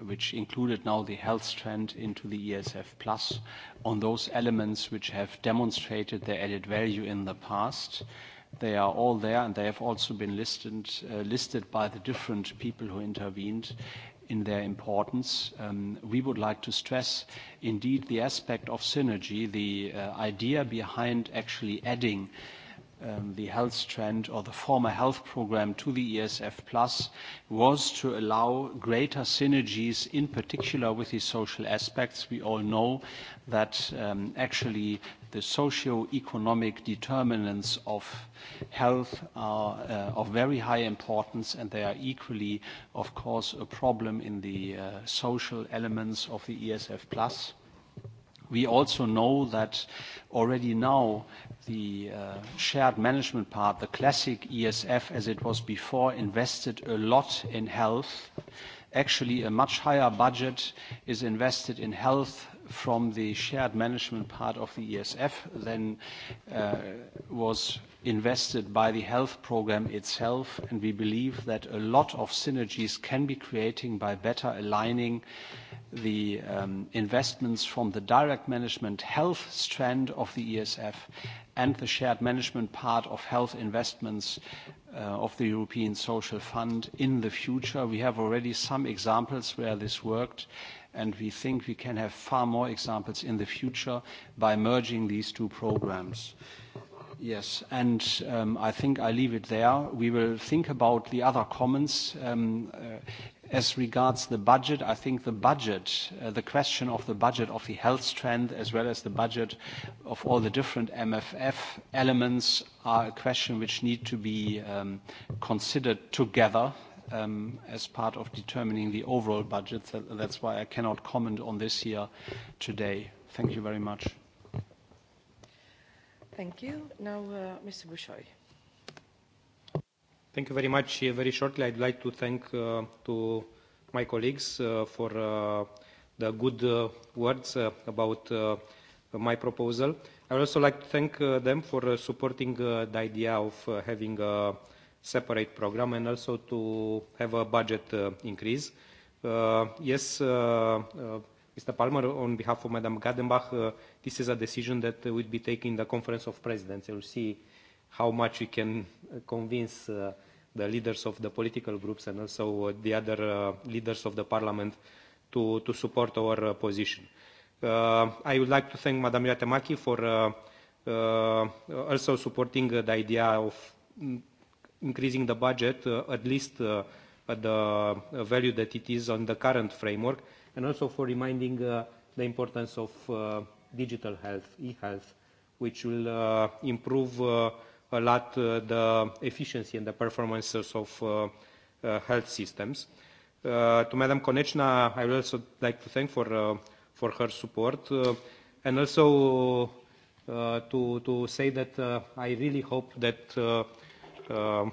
which included now the health trend into the ESF Plus, on those elements which have demonstrated their added value in the past. They are all there, and they have also been listed, uh, listed by the different people who intervened in their importance. We would like to stress indeed the aspect of synergy, the idea behind actually adding the health trend or the former health program to the ESF Plus was to allow greater synergies, in particular with the social aspects. We all know that um, actually the socio-economic determinants of health are uh, of very high importance and they are equally, of course, a problem in the uh, social elements of the ESF Plus We also know that already now the shared management part, the classic ESF as it was before, invested a lot in health. Actually, a much higher budget is invested in health from the shared management part of the ESF than was invested by the health program itself. and We believe that a lot of synergies can be creating by better aligning the investments from the direct management health strand of the ESF and the shared management part of health investments of the European Social Fund in the future. We have already some examples where this worked, and we think we can have far more examples in the future by merging these two programs. Yes, and I think I leave it there. We will think about the other comments. As regards the budget, I think the budget, uh, the question of the budget of the health trend, as well as the budget of all the different MFF elements are a question which need to be um, considered together um, as part of determining the overall budget. That's why I cannot comment on this here today. Thank you very much. Thank you. Now, uh, Mr. Bouchoy. Thank you very much. Very shortly, I'd like to thank uh, to my colleagues uh, for uh, the good uh, words uh, about uh, my proposal. I would also like to thank uh, them for uh, supporting uh, the idea of uh, having a separate program and also to have a budget uh, increase. Uh, yes, uh, uh, Mr. Palmer, on behalf of Madam Gadenbach, uh, this is a decision that would be taken in the Conference of Presidents. You'll see how much we can convince uh, the leaders of the political groups and also the other uh, leaders of the parliament to, to support our uh, position. Uh, I would like to thank Madam Yatemaki for uh, uh, also supporting uh, the idea of increasing the budget, uh, at least uh, at the value that it is on the current framework, and also for reminding uh, the importance of uh, digital health, e-health, which will uh, improve uh, a lot uh, the efficiency and the performances of uh, uh, health systems. Uh, to Madam Konechna, I would also like to thank for, uh, for her support uh, and also uh, to, to say that uh, I really hope that uh, uh,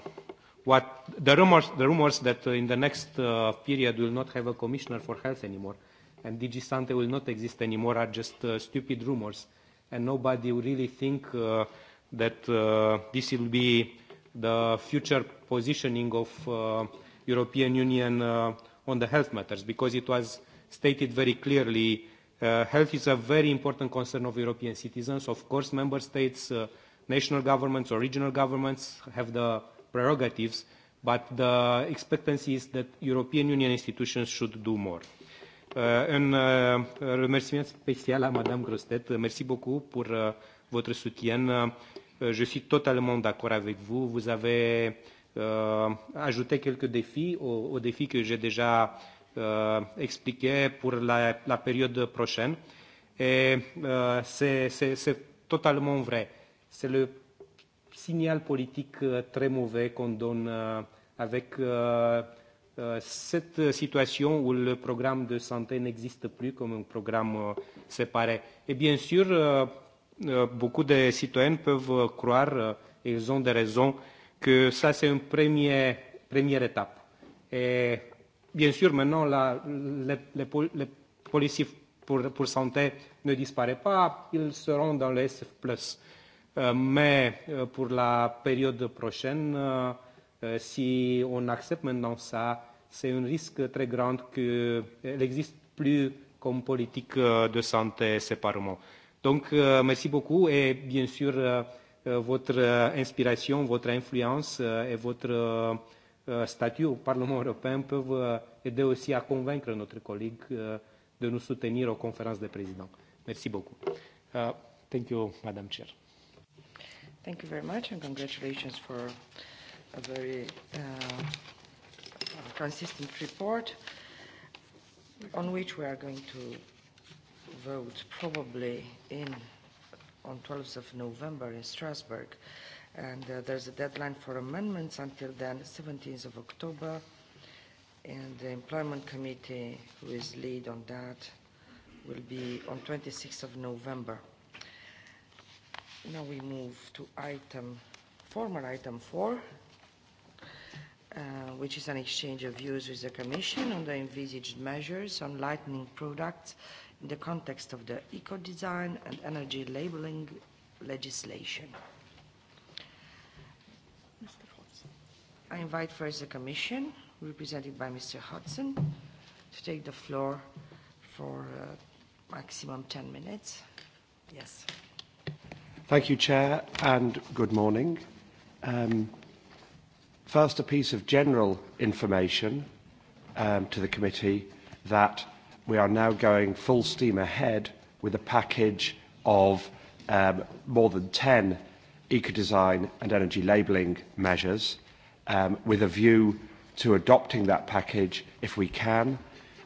what the rumors, the rumors that in the next uh, period we'll not have a commissioner for health anymore and DG Sante will not exist anymore are just uh, stupid rumors and nobody will really think uh, that uh, this will be the future positioning of uh, European Union uh, on the health matters, because it was stated very clearly uh, health is a very important concern of European citizens. Of course, member states, uh, national governments or regional governments have the prerogatives, but the expectancy is that European Union institutions should do more. Uh, un uh, remerciement spécial à Madame Grostet. Merci beaucoup pour uh, votre soutien. Je suis totalement d'accord avec vous. Vous avez euh, ajouté quelques défis aux, aux défis que j'ai déjà euh, expliqués pour la, la période prochaine. Et euh, c'est totalement vrai. C'est le signal politique très mauvais qu'on donne avec cette situation où le programme de santé n'existe plus comme un programme séparé. Et bien sûr, beaucoup de citoyens peuvent croire, et ils ont des raisons, que ça c'est une première, première étape. Et bien sûr, maintenant, la, les, les, les policiers pour, pour santé ne disparaissent pas, ils seront dans le SF+. Euh, mais euh, pour la période prochaine, euh, si on accepte maintenant ça, c'est un risque très grand qu'il n'existe plus comme politique de santé séparément. Euh, Donc, euh, merci beaucoup et bien sûr, euh, votre inspiration, votre influence euh, et votre euh, statut au Parlement européen peuvent euh, aider aussi à convaincre notre collègue euh, de nous soutenir aux conférences des présidents. Merci beaucoup. Uh, thank you, Madame Chair. Thank you very much and congratulations for a very uh, consistent report on which we are going to vote probably in on 12th of November in Strasbourg, and uh, there's a deadline for amendments until then, 17th of October, and the Employment Committee, who is lead on that, will be on 26th of November. Now we move to item, former item four, uh, which is an exchange of views with the Commission on the envisaged measures on lightning products in the context of the eco-design and energy labeling legislation. I invite first the Commission, represented by Mr. Hudson, to take the floor for uh, maximum 10 minutes. Yes. Thank you, Chair, and good morning. Um, first, a piece of general information um, to the committee that we are now going full steam ahead with a package of um, more than 10 eco-design and energy labelling measures um, with a view to adopting that package, if we can,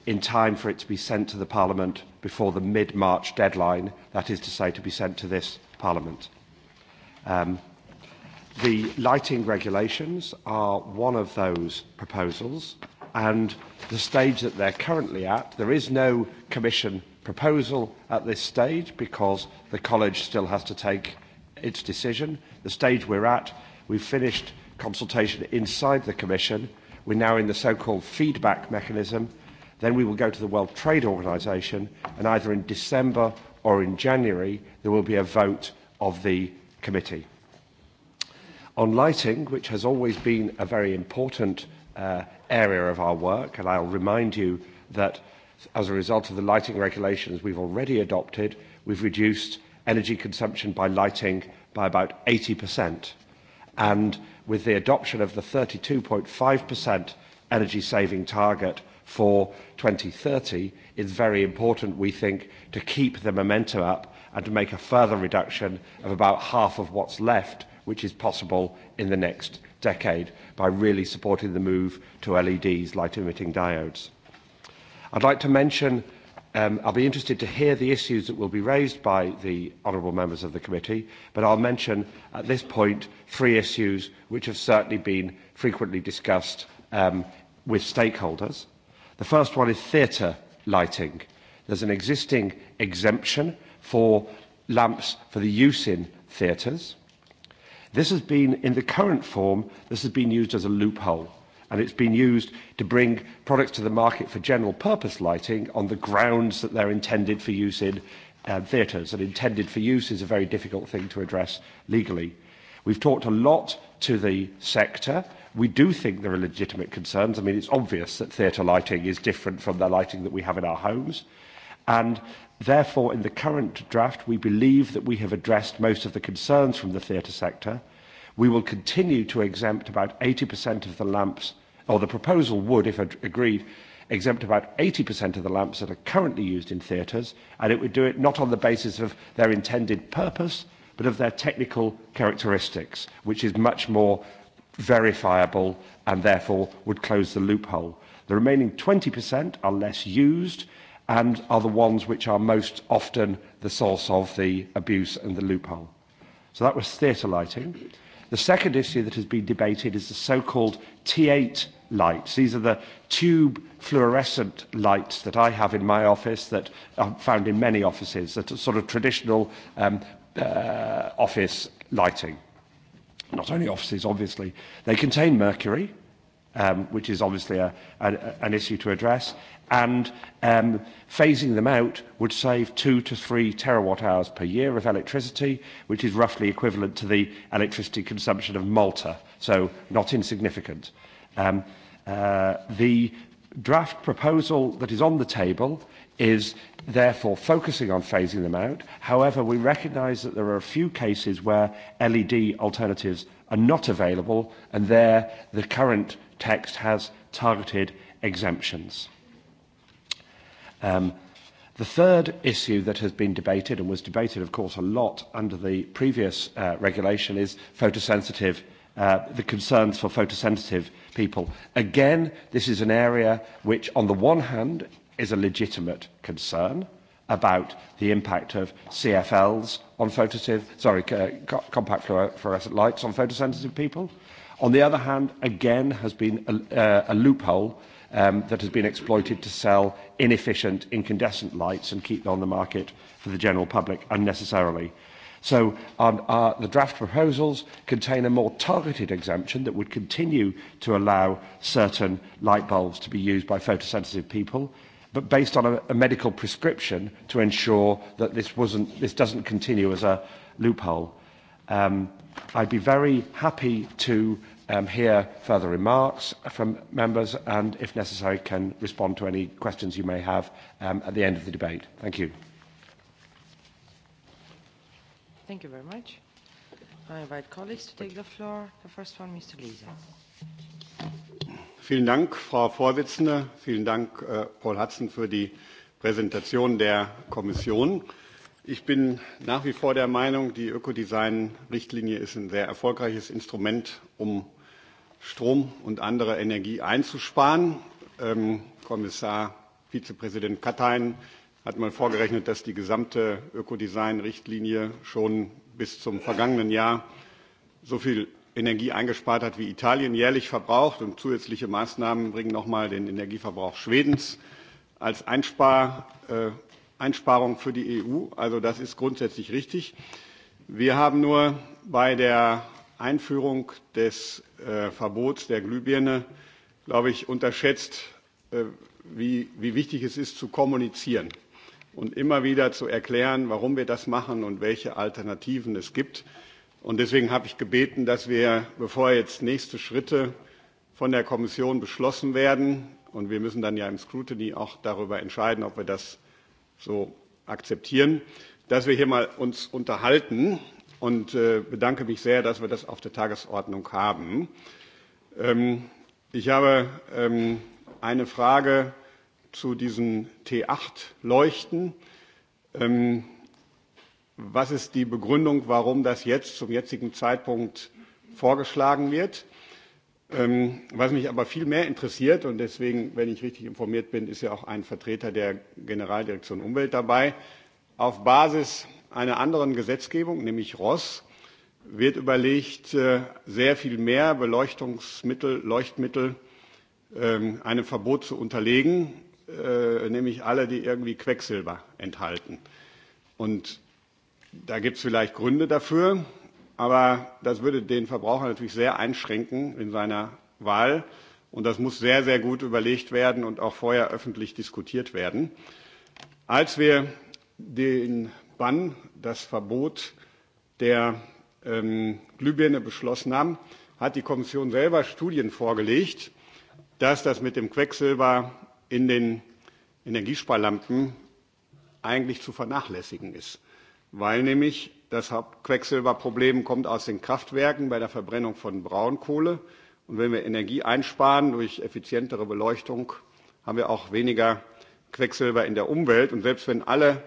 in time for it to be sent to the Parliament before the mid-March deadline, that is to say, to be sent to this Parliament. Um, the lighting regulations are one of those proposals and the stage that they're currently at, there is no Commission proposal at this stage because the college still has to take its decision. The stage we're at, we've finished consultation inside the Commission. We're now in the so-called feedback mechanism. Then we will go to the World Trade Organization, and either in December or in January, there will be a vote of the committee. On lighting, which has always been a very important uh, area of our work, and I'll remind you that as a result of the lighting regulations we've already adopted, we've reduced energy consumption by lighting by about 80%. And with the adoption of the 32.5% energy saving target for 2030, it's very important, we think, to keep the momentum up and to make a further reduction of about half of what's left, which is possible in the next decade by really supporting the move to LEDs, light-emitting diodes. I'd like to mention, um, I'll be interested to hear the issues that will be raised by the honourable members of the committee, but I'll mention at this point three issues which have certainly been frequently discussed um, with stakeholders. The first one is theatre lighting. There's an existing exemption for lamps for the use in theatres. This has been, in the current form, this has been used as a loophole and it's been used to bring products to the market for general purpose lighting on the grounds that they're intended for use in uh, theatres. And intended for use is a very difficult thing to address legally. We've talked a lot to the sector. We do think there are legitimate concerns. I mean, it's obvious that theatre lighting is different from the lighting that we have in our homes. And Therefore, in the current draft, we believe that we have addressed most of the concerns from the theatre sector. We will continue to exempt about 80% of the lamps, or the proposal would, if agreed, exempt about 80% of the lamps that are currently used in theatres, and it would do it not on the basis of their intended purpose, but of their technical characteristics, which is much more verifiable and therefore would close the loophole. The remaining 20% are less used, and are the ones which are most often the source of the abuse and the loophole. So that was theatre lighting. The second issue that has been debated is the so-called T8 lights. These are the tube fluorescent lights that I have in my office that are found in many offices, that are sort of traditional um, uh, office lighting. Not only offices, obviously. They contain mercury, um, which is obviously a, a, an issue to address. And um, phasing them out would save two to three terawatt hours per year of electricity, which is roughly equivalent to the electricity consumption of Malta, so not insignificant. Um, uh, the draft proposal that is on the table is therefore focusing on phasing them out. However, we recognise that there are a few cases where LED alternatives are not available, and there the current text has targeted exemptions. Um, the third issue that has been debated and was debated, of course, a lot under the previous uh, regulation is photosensitive, uh, the concerns for photosensitive people. Again, this is an area which, on the one hand, is a legitimate concern about the impact of CFLs on photosensitive, sorry, uh, compact fluorescent lights on photosensitive people. On the other hand, again, has been a, uh, a loophole um, that has been exploited to sell inefficient incandescent lights and keep them on the market for the general public unnecessarily. So um, uh, the draft proposals contain a more targeted exemption that would continue to allow certain light bulbs to be used by photosensitive people, but based on a, a medical prescription to ensure that this, wasn't, this doesn't continue as a loophole. Um, I'd be very happy to um, hear further remarks from members and, if necessary, can respond to any questions you may have um, at the end of the debate. Thank you. Thank you very much. I invite colleagues to take the floor. The first one, Mr. Lisa. Vielen Dank, Frau Vorsitzende. Vielen Dank, Paul Hudson, für die Präsentation der Kommission. Ich bin nach wie vor der Meinung, die Ökodesign-Richtlinie ist ein sehr erfolgreiches Instrument, um Strom und andere Energie einzusparen. Kommissar Vizepräsident Katainen hat mal vorgerechnet, dass die gesamte Ökodesign-Richtlinie schon bis zum vergangenen Jahr so viel Energie eingespart hat, wie Italien jährlich verbraucht. Und zusätzliche Maßnahmen bringen nochmal den Energieverbrauch Schwedens als Einspar, äh, Einsparung für die EU. Also das ist grundsätzlich richtig. Wir haben nur bei der Einführung des Verbots der Glühbirne, glaube ich, unterschätzt, wie, wichtig es ist, zu kommunizieren und immer wieder zu erklären, warum wir das machen und welche Alternativen es gibt. Und deswegen habe ich gebeten, dass wir, bevor jetzt nächste Schritte von der Kommission beschlossen werden, und wir müssen dann ja im Scrutiny auch darüber entscheiden, ob wir das so akzeptieren, dass wir hier mal uns unterhalten und bedanke mich sehr, dass wir das auf der Tagesordnung haben. Ich habe eine Frage zu diesen t acht Leuchten. Was ist die Begründung, warum das jetzt zum jetzigen Zeitpunkt vorgeschlagen wird? Was mich aber viel mehr interessiert, und deswegen, wenn ich richtig informiert bin, ist ja auch ein Vertreter der Generaldirektion Umwelt dabei, auf Basis einer anderen Gesetzgebung, nämlich ROSS, wird überlegt, sehr viel mehr Beleuchtungsmittel, Leuchtmittel einem Verbot zu unterlegen, nämlich alle, die irgendwie Quecksilber enthalten. Und da gibt es vielleicht Gründe dafür, aber das würde den Verbraucher natürlich sehr einschränken in seiner Wahl. Und das muss sehr, sehr gut überlegt werden und auch vorher öffentlich diskutiert werden. Als wir den wann das Verbot der Glühbirne beschlossen haben, hat die Kommission selber Studien vorgelegt, dass das mit dem Quecksilber in den Energiesparlampen eigentlich zu vernachlässigen ist, weil nämlich das Quecksilberproblem kommt aus den Kraftwerken bei der Verbrennung von Braunkohle. Und wenn wir Energie einsparen durch effizientere Beleuchtung, haben wir auch weniger Quecksilber in der Umwelt. Und selbst wenn alle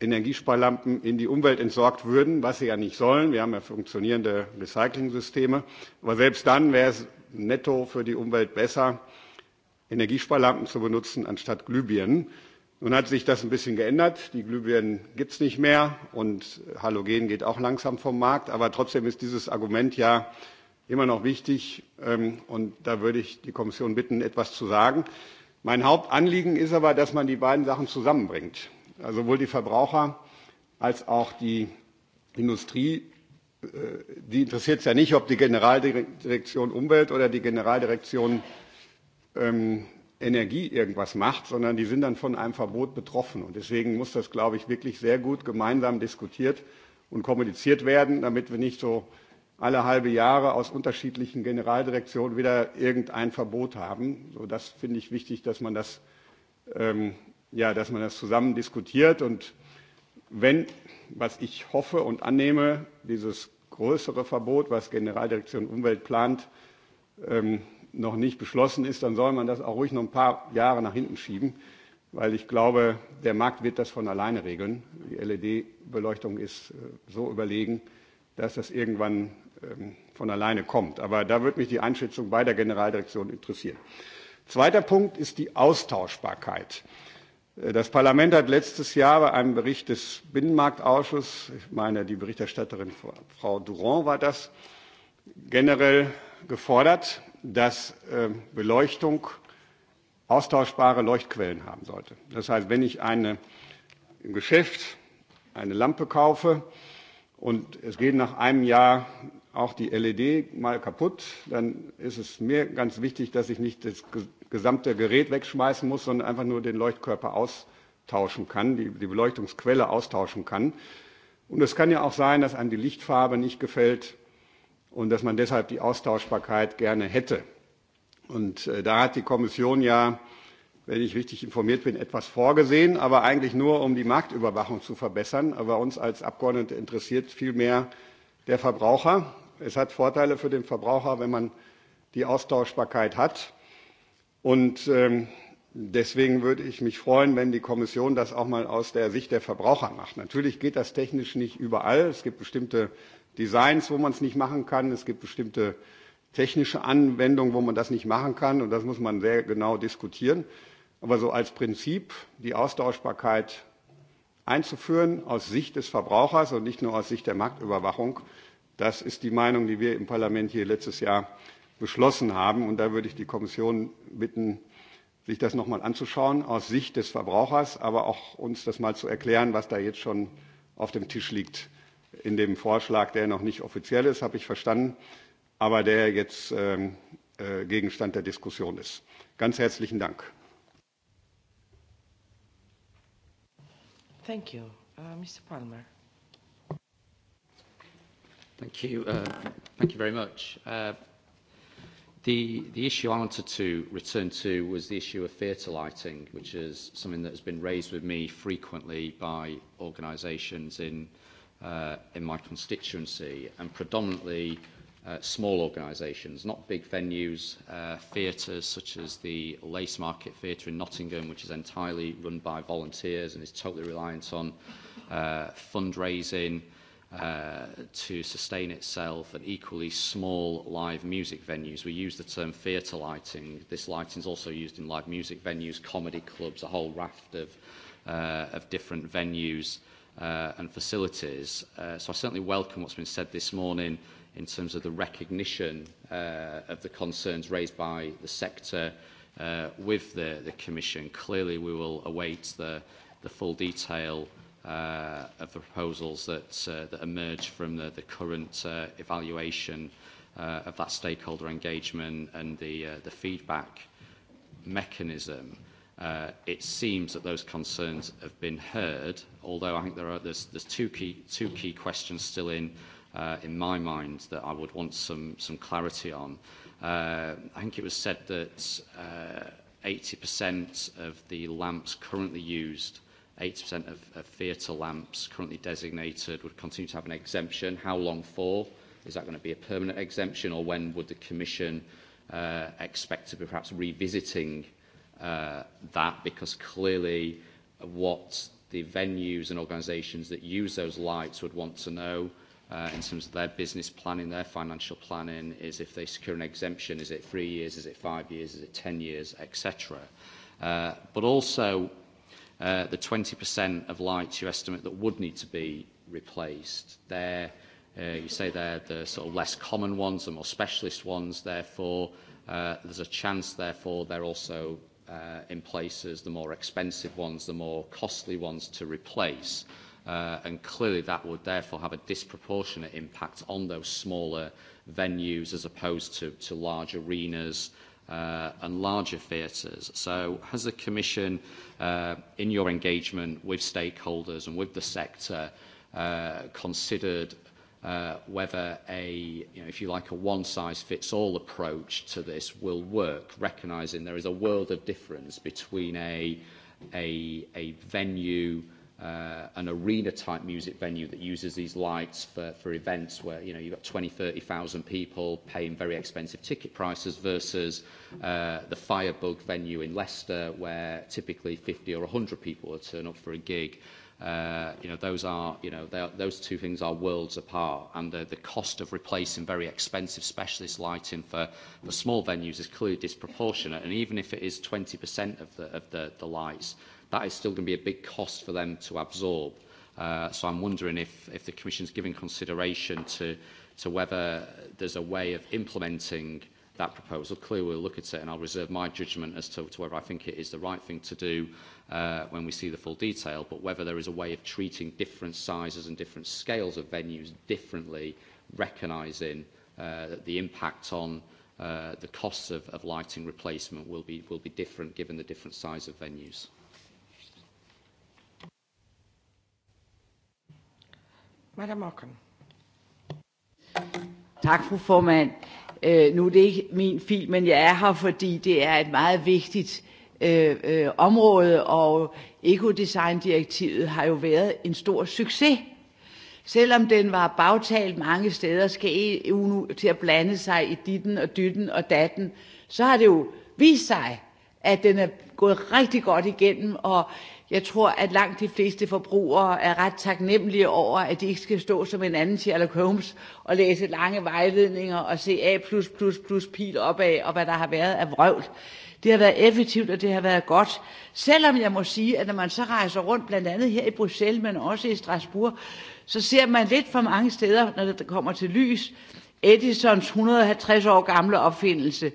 Energiesparlampen in die Umwelt entsorgt würden, was sie ja nicht sollen. Wir haben ja funktionierende Recycling Systeme. Aber selbst dann wäre es netto für die Umwelt besser, Energiesparlampen zu benutzen anstatt Glühbirnen. Nun hat sich das ein bisschen geändert. Die Glühbirnen gibt es nicht mehr und Halogen geht auch langsam vom Markt. Aber trotzdem ist dieses Argument ja immer noch wichtig und da würde ich die Kommission bitten, etwas zu sagen. Mein Hauptanliegen ist aber, dass man die beiden Sachen zusammenbringt sowohl die Verbraucher als auch die Industrie, die interessiert es ja nicht, ob die Generaldirektion Umwelt oder die Generaldirektion Energie irgendwas macht, sondern die sind dann von einem Verbot betroffen. Und deswegen muss das, glaube ich, wirklich sehr gut gemeinsam diskutiert und kommuniziert werden, damit wir nicht so alle halbe Jahre aus unterschiedlichen Generaldirektionen wieder irgendein Verbot haben. So, das finde ich wichtig, dass man das ähm, ja, dass man das zusammen diskutiert und wenn, was ich hoffe und annehme, dieses größere Verbot, was Generaldirektion Umwelt plant, ähm, noch nicht beschlossen ist, dann soll man das auch ruhig noch ein paar Jahre nach hinten schieben, weil ich glaube, der Markt wird das von alleine regeln. Die LED-Beleuchtung ist äh, so überlegen, dass das irgendwann ähm, von alleine kommt. Aber da würde mich die Einschätzung bei der Generaldirektion interessieren. Zweiter Punkt ist die Austauschbarkeit. Äh, Das Parlament hat letztes Jahr bei einem Bericht des Binnenmarktausschusses, ich meine, die Berichterstatterin Frau Durand war das, generell gefordert, dass Beleuchtung austauschbare Leuchtquellen haben sollte. Das heißt, wenn ich eine, im Geschäft eine Lampe kaufe und es geht nach einem Jahr auch die LED mal kaputt, dann ist es mir ganz wichtig, dass ich nicht das gesamte Gerät wegschmeißen muss, sondern einfach nur den Leuchtkörper austauschen kann, die, die Beleuchtungsquelle austauschen kann. Und es kann ja auch sein, dass einem die Lichtfarbe nicht gefällt und dass man deshalb die Austauschbarkeit gerne hätte. Und äh, da hat die Kommission ja, wenn ich richtig informiert bin, etwas vorgesehen, aber eigentlich nur, um die Marktüberwachung zu verbessern. Aber uns als Abgeordnete interessiert vielmehr, der Verbraucher. Es hat Vorteile für den Verbraucher, wenn man die Austauschbarkeit hat. Und deswegen würde ich mich freuen, wenn die Kommission das auch mal aus der Sicht der Verbraucher macht. Natürlich geht das technisch nicht überall. Es gibt bestimmte Designs, wo man es nicht machen kann. Es gibt bestimmte technische Anwendungen, wo man das nicht machen kann. Und das muss man sehr genau diskutieren. Aber so als Prinzip, die Austauschbarkeit einzuführen aus Sicht des Verbrauchers und nicht nur aus Sicht der Marktüberwachung. Das ist die Meinung, die wir im Parlament hier letztes Jahr beschlossen haben. Und da würde ich die Kommission bitten, sich das nochmal anzuschauen aus Sicht des Verbrauchers, aber auch uns das mal zu erklären, was da jetzt schon auf dem Tisch liegt in dem Vorschlag, der noch nicht offiziell ist, habe ich verstanden, aber der jetzt Gegenstand der Diskussion ist. Ganz herzlichen Dank. Thank you. Uh, Mr. Palmer. Thank you. Uh, thank you very much. Uh, the, the issue I wanted to return to was the issue of theatre lighting, which is something that has been raised with me frequently by organisations in, uh, in my constituency, and predominantly uh, small organisations, not big venues, uh, theatres such as the Lace Market Theatre in Nottingham, which is entirely run by volunteers and is totally reliant on uh, fundraising uh, to sustain itself, and equally small live music venues. We use the term theatre lighting. This lighting is also used in live music venues, comedy clubs, a whole raft of, uh, of different venues uh, and facilities. Uh, so I certainly welcome what's been said this morning in terms of the recognition uh, of the concerns raised by the sector uh, with the, the Commission. Clearly, we will await the, the full detail uh, of the proposals that, uh, that emerge from the, the current uh, evaluation uh, of that stakeholder engagement and the, uh, the feedback mechanism. Uh, it seems that those concerns have been heard, although I think there are, there's, there's two, key, two key questions still in uh, in my mind that I would want some, some clarity on. Uh, I think it was said that uh, 80% of the lamps currently used, 80% of, of theatre lamps currently designated would continue to have an exemption. How long for? Is that going to be a permanent exemption or when would the Commission uh, expect to be perhaps revisiting uh, that? Because clearly what the venues and organisations that use those lights would want to know uh, in terms of their business planning, their financial planning, is if they secure an exemption, is it three years, is it five years, is it 10 years, etc. Uh, but also uh, the 20% of lights you estimate that would need to be replaced. They're, uh, you say they're the sort of less common ones, the more specialist ones, therefore uh, there's a chance, therefore, they're also uh, in places, the more expensive ones, the more costly ones to replace uh, and clearly that would therefore have a disproportionate impact on those smaller venues as opposed to, to large arenas uh, and larger theatres. So has the Commission, uh, in your engagement with stakeholders and with the sector, uh, considered uh, whether a, you know, if you like, a one-size-fits-all approach to this will work, recognising there is a world of difference between a, a, a venue uh, an arena-type music venue that uses these lights for, for events where you know you've got 20, 30,000 people paying very expensive ticket prices versus uh, the Firebug venue in Leicester where typically 50 or 100 people would turn up for a gig. Uh, you know those are you know they are, those two things are worlds apart, and the, the cost of replacing very expensive specialist lighting for, for small venues is clearly disproportionate. And even if it is 20% of the of the, the lights that is still going to be a big cost for them to absorb. Uh, so I'm wondering if, if the Commission's giving consideration to, to whether there's a way of implementing that proposal. Clearly, we'll look at it, and I'll reserve my judgment as to, to whether I think it is the right thing to do uh, when we see the full detail, but whether there is a way of treating different sizes and different scales of venues differently, recognising uh, that the impact on uh, the costs of, of lighting replacement will be, will be different given the different size of venues. Madame Ocken. Tak, fru formand. Øh, nu er det ikke min fil, men jeg er her, fordi det er et meget vigtigt øh, øh, område, og ekodesigndirektivet har jo været en stor succes. Selvom den var bagtalt mange steder, skal EU nu til at blande sig i ditten og dytten og datten, så har det jo vist sig, at den er gået rigtig godt igennem, og Jeg tror, at langt de fleste forbrugere er ret taknemmelige over, at de ikke skal stå som en anden Sherlock Holmes og læse lange vejledninger og se A++ pil opad og hvad der har været af vrøvl. Det har været effektivt, og det har været godt. Selvom jeg må sige, at når man så rejser rundt, blandt andet her i Bruxelles, men også i Strasbourg, så ser man lidt for mange steder, når det kommer til lys, Edisons 150 år gamle opfindelse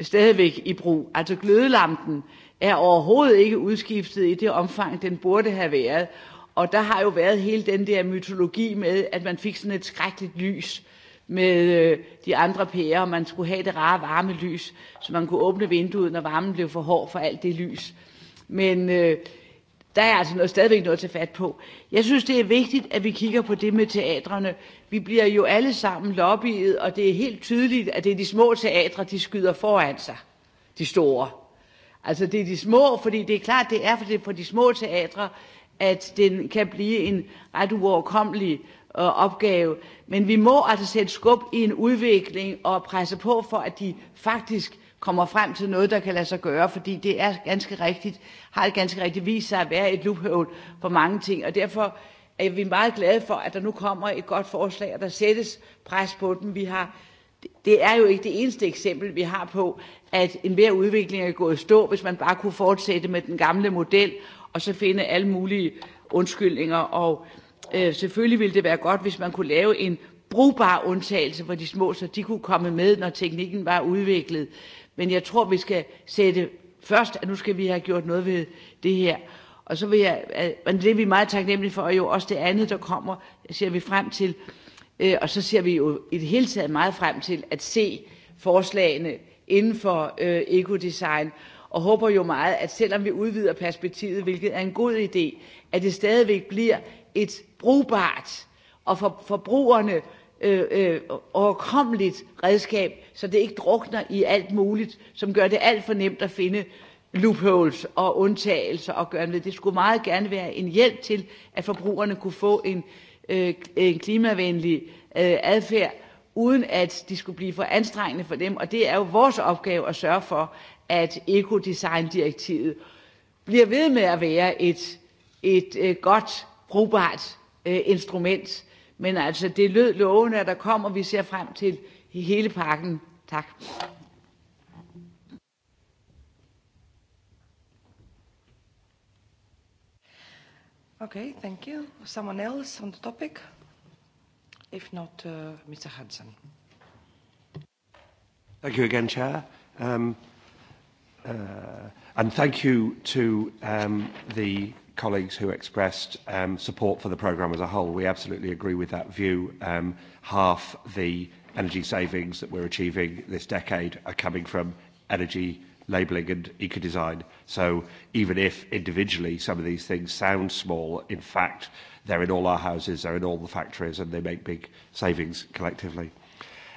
stadigvæk i brug. Altså glødelampen er overhovedet ikke udskiftet i det omfang, den burde have været. Og der har jo været hele den der mytologi med, at man fik sådan et skrækkeligt lys med de andre pærer, og man skulle have det rare varme lys, så man kunne åbne vinduet, når varmen blev for hård for alt det lys. Men øh, der er altså noget, stadigvæk noget at tage fat på. Jeg synes, det er vigtigt, at vi kigger på det med teatrene. Vi bliver jo alle sammen lobbyet, og det er helt tydeligt, at det er de små teatre, de skyder foran sig, de store. Altså det er de små, fordi det er klart, det er for det på de små teatre, at den kan blive en ret uoverkommelig øh, opgave. Men vi må altså sætte skub i en udvikling og presse på for, at de faktisk kommer frem til noget, der kan lade sig gøre, fordi det er ganske rigtigt, har det ganske rigtigt vist sig at være et loophole for mange ting, og derfor er vi meget glade for, at der nu kommer et godt forslag, og der sættes pres på dem. Vi har det er jo ikke det eneste eksempel, vi har på, at enhver udvikling er gået i stå, hvis man bare kunne fortsætte med den gamle model og så finde alle mulige undskyldninger. Og øh, selvfølgelig ville det være godt, hvis man kunne lave en brugbar undtagelse for de små, så de kunne komme med, når teknikken var udviklet. Men jeg tror, vi skal sætte først, at nu skal vi have gjort noget ved det her. Og så vil jeg, men det er vi meget taknemmelige for, og jo også det andet, der kommer, ser vi frem til og så ser vi jo i det hele taget meget frem til at se forslagene inden for øh, ekodesign, og håber jo meget, at selvom vi udvider perspektivet, hvilket er en god idé, at det stadigvæk bliver et brugbart og for forbrugerne øh, øh, overkommeligt redskab, så det ikke drukner i alt muligt, som gør det alt for nemt at finde loopholes og undtagelser og gøre noget. Det skulle meget gerne være en hjælp til, at forbrugerne kunne få en en klimavenlig adfærd, uden at de skulle blive for anstrengende for dem. Og det er jo vores opgave at sørge for, at ekodesigndirektivet bliver ved med at være et, et godt, brugbart instrument. Men altså, det lød lovende, at der kommer. Vi ser frem til hele pakken. Tak. Okay, thank you. Someone else on the topic? If not, uh, Mr. Hudson. Thank you again, Chair. Um, uh, and thank you to um, the colleagues who expressed um, support for the programme as a whole. We absolutely agree with that view. Um, half the energy savings that we're achieving this decade are coming from energy labelling and eco-design. So even if individually some of these things sound small, in fact, they're in all our houses, they're in all the factories, and they make big savings collectively.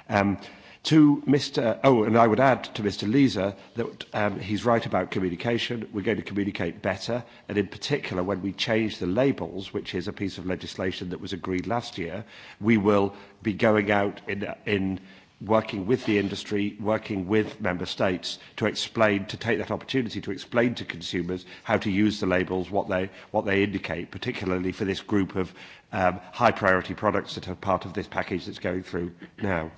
Um, to Mr. Oh, and I would add to Mr. Leeser that um, he's right about communication. We're going to communicate better, and in particular, when we change the labels, which is a piece of legislation that was agreed last year, we will be going out in, in working with the industry, working with member states to explain, to take that opportunity to explain to consumers how to use the labels, what they, what they indicate, particularly for this group of um, high priority products that are part of this package that's going through now.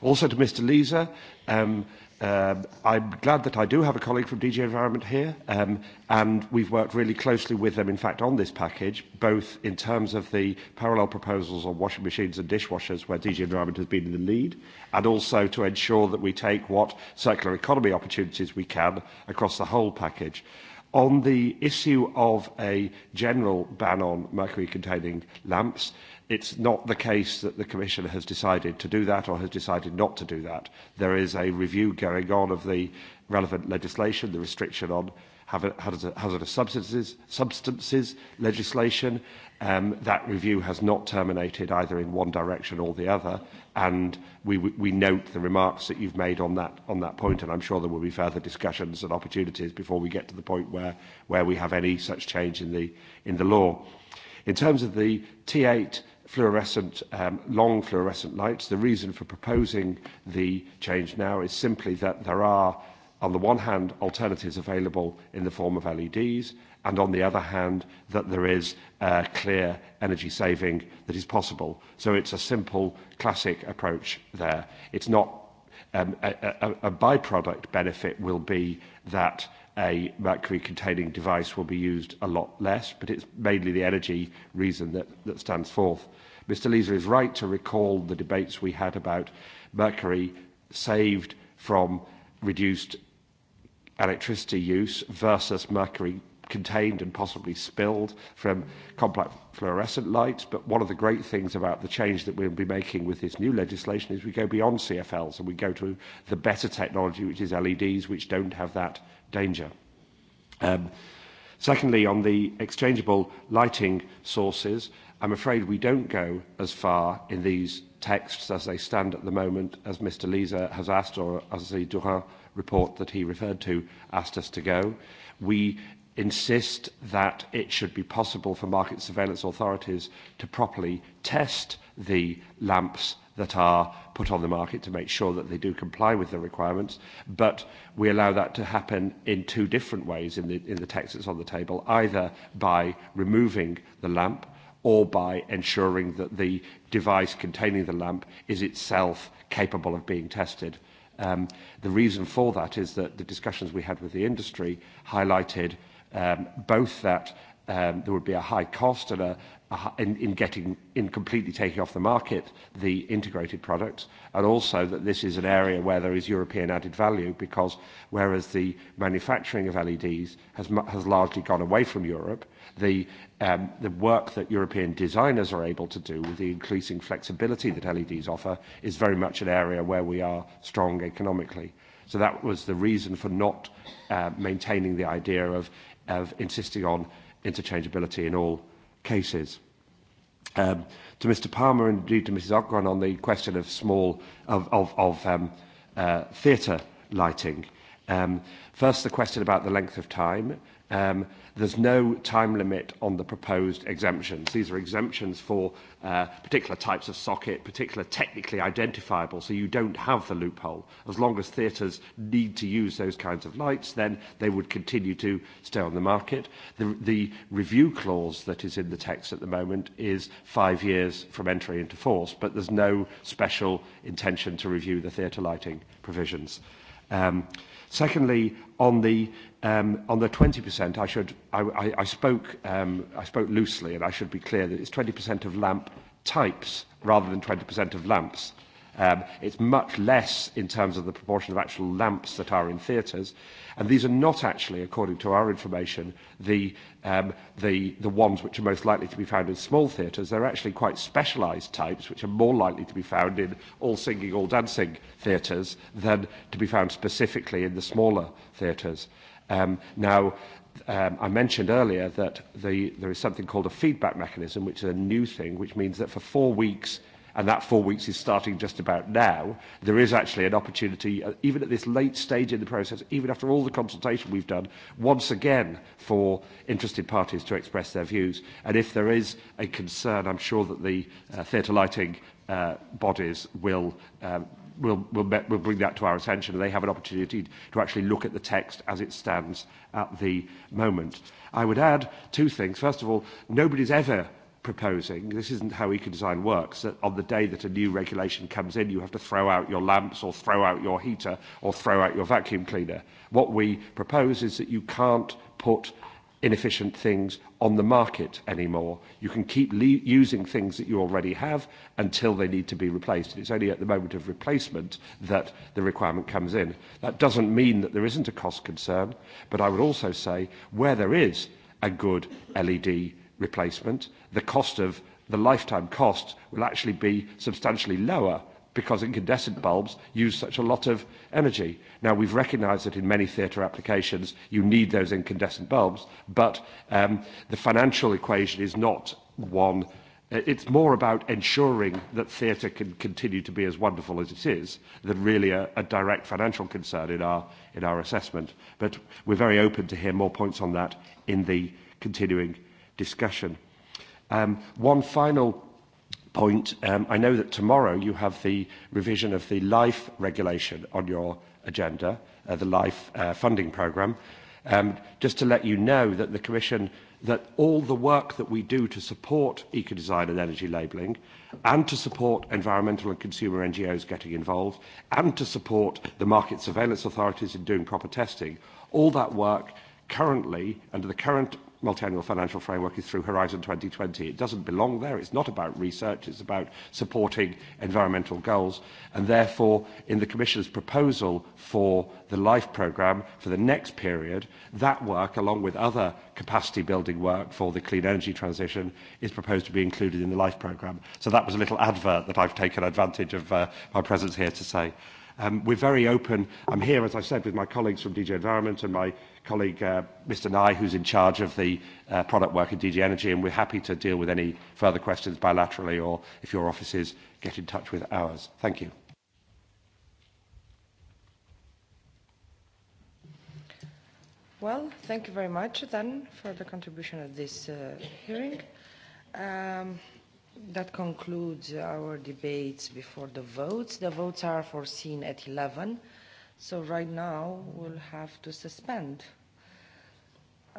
Also to Mr. Leeser, um, Uh, I'm glad that I do have a colleague from DG Environment here, um, and we've worked really closely with them, in fact, on this package, both in terms of the parallel proposals on washing machines and dishwashers, where DG Environment has been in the lead, and also to ensure that we take what circular economy opportunities we can across the whole package. On the issue of a general ban on mercury containing lamps, uh, It's not the case that the Commission has decided to do that or has decided not to do that. There is a review going on of the relevant legislation, the restriction on hazardous substances, substances legislation. Um, that review has not terminated either in one direction or the other, and we, we note the remarks that you've made on that, on that point, and I'm sure there will be further discussions and opportunities before we get to the point where, where we have any such change in the, in the law. In terms of the T8 fluorescent, um, long fluorescent lights. The reason for proposing the change now is simply that there are, on the one hand, alternatives available in the form of LEDs, and on the other hand, that there is uh, clear energy saving that is possible. So it's a simple, classic approach there. It's not um, a, a, a byproduct benefit will be that a mercury-containing device will be used a lot less, but it's mainly the energy reason that, that stands forth. Mr. Leeser is right to recall the debates we had about mercury saved from reduced electricity use versus mercury contained and possibly spilled from complex fluorescent lights. But one of the great things about the change that we'll be making with this new legislation is we go beyond CFLs and we go to the better technology, which is LEDs, which don't have that danger. Um, secondly, on the exchangeable lighting sources, I'm afraid we don't go as far in these texts as they stand at the moment as Mr Lisa has asked or as the Durin report that he referred to asked us to go. We insist that it should be possible for market surveillance authorities to properly test the lamps that are put on the market to make sure that they do comply with the requirements, but we allow that to happen in two different ways in the, in the text that's on the table, either by removing the lamp or by ensuring that the device containing the lamp is itself capable of being tested. Um, the reason for that is that the discussions we had with the industry highlighted um, both that um, there would be a high cost and a, a, in, in getting in completely taking off the market the integrated products, and also that this is an area where there is European added value because whereas the manufacturing of LEDs has, has largely gone away from Europe, the, um, the work that European designers are able to do with the increasing flexibility that LEDs offer is very much an area where we are strong economically. So that was the reason for not uh, maintaining the idea of, of insisting on interchangeability in all cases. Um, to Mr. Palmer and indeed to Mrs. Ogron on the question of small of, of, of um, uh, theatre lighting. Um, first, the question about the length of time. Um, there's no time limit on the proposed exemptions. These are exemptions for uh, particular types of socket, particular technically identifiable, so you don't have the loophole. As long as theatres need to use those kinds of lights, then they would continue to stay on the market. The, the review clause that is in the text at the moment is five years from entry into force, but there's no special intention to review the theatre lighting provisions. Um, Secondly, on the um, on the 20%, I should I, I, I spoke um, I spoke loosely, and I should be clear that it's 20% of lamp types rather than 20% of lamps Um, it's much less in terms of the proportion of actual lamps that are in theatres. And these are not actually, according to our information, the, um, the, the ones which are most likely to be found in small theatres. They're actually quite specialised types, which are more likely to be found in all singing, all dancing theatres than to be found specifically in the smaller theatres. Um, now, um, I mentioned earlier that the, there is something called a feedback mechanism, which is a new thing, which means that for four weeks and that four weeks is starting just about now, there is actually an opportunity, uh, even at this late stage in the process, even after all the consultation we've done, once again for interested parties to express their views. And if there is a concern, I'm sure that the uh, theatre lighting uh, bodies will um, will be, will bring that to our attention and they have an opportunity to actually look at the text as it stands at the moment. I would add two things. First of all, nobody's ever proposing, this isn't how eco-design works, that on the day that a new regulation comes in, you have to throw out your lamps or throw out your heater or throw out your vacuum cleaner. What we propose is that you can't put inefficient things on the market anymore. You can keep le using things that you already have until they need to be replaced. It's only at the moment of replacement that the requirement comes in. That doesn't mean that there isn't a cost concern, but I would also say where there is a good LED replacement, the cost of the lifetime cost will actually be substantially lower because incandescent bulbs use such a lot of energy. Now, we've recognised that in many theatre applications you need those incandescent bulbs, but um, the financial equation is not one. It's more about ensuring that theatre can continue to be as wonderful as it is than really a, a direct financial concern in our, in our assessment. But we're very open to hear more points on that in the continuing discussion. Um, one final point. Um, I know that tomorrow you have the revision of the life regulation on your agenda, uh, the life uh, funding programme. Um, just to let you know that the Commission, that all the work that we do to support eco-design and energy labelling, and to support environmental and consumer NGOs getting involved, and to support the market surveillance authorities in doing proper testing, all that work currently, under the current multi-annual financial framework is through Horizon 2020. It doesn't belong there. It's not about research. It's about supporting environmental goals. And therefore, in the Commission's proposal for the LIFE programme for the next period, that work, along with other capacity building work for the clean energy transition, is proposed to be included in the LIFE programme. So that was a little advert that I've taken advantage of uh, my presence here to say. Um, we're very open. I'm here, as I said, with my colleagues from DJ Environment and my colleague, uh, Mr. Nye, who's in charge of the uh, product work in DG Energy, and we're happy to deal with any further questions bilaterally or if your offices get in touch with ours. Thank you. Well, thank you very much then for the contribution at this uh, hearing. Um, that concludes our debates before the votes. The votes are foreseen at 11 So right now, we'll have to suspend.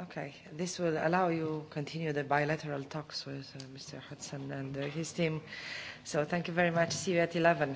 Okay. This will allow you continue the bilateral talks with uh Mr. Hudson and uh his team. So thank you very much. See you at 11.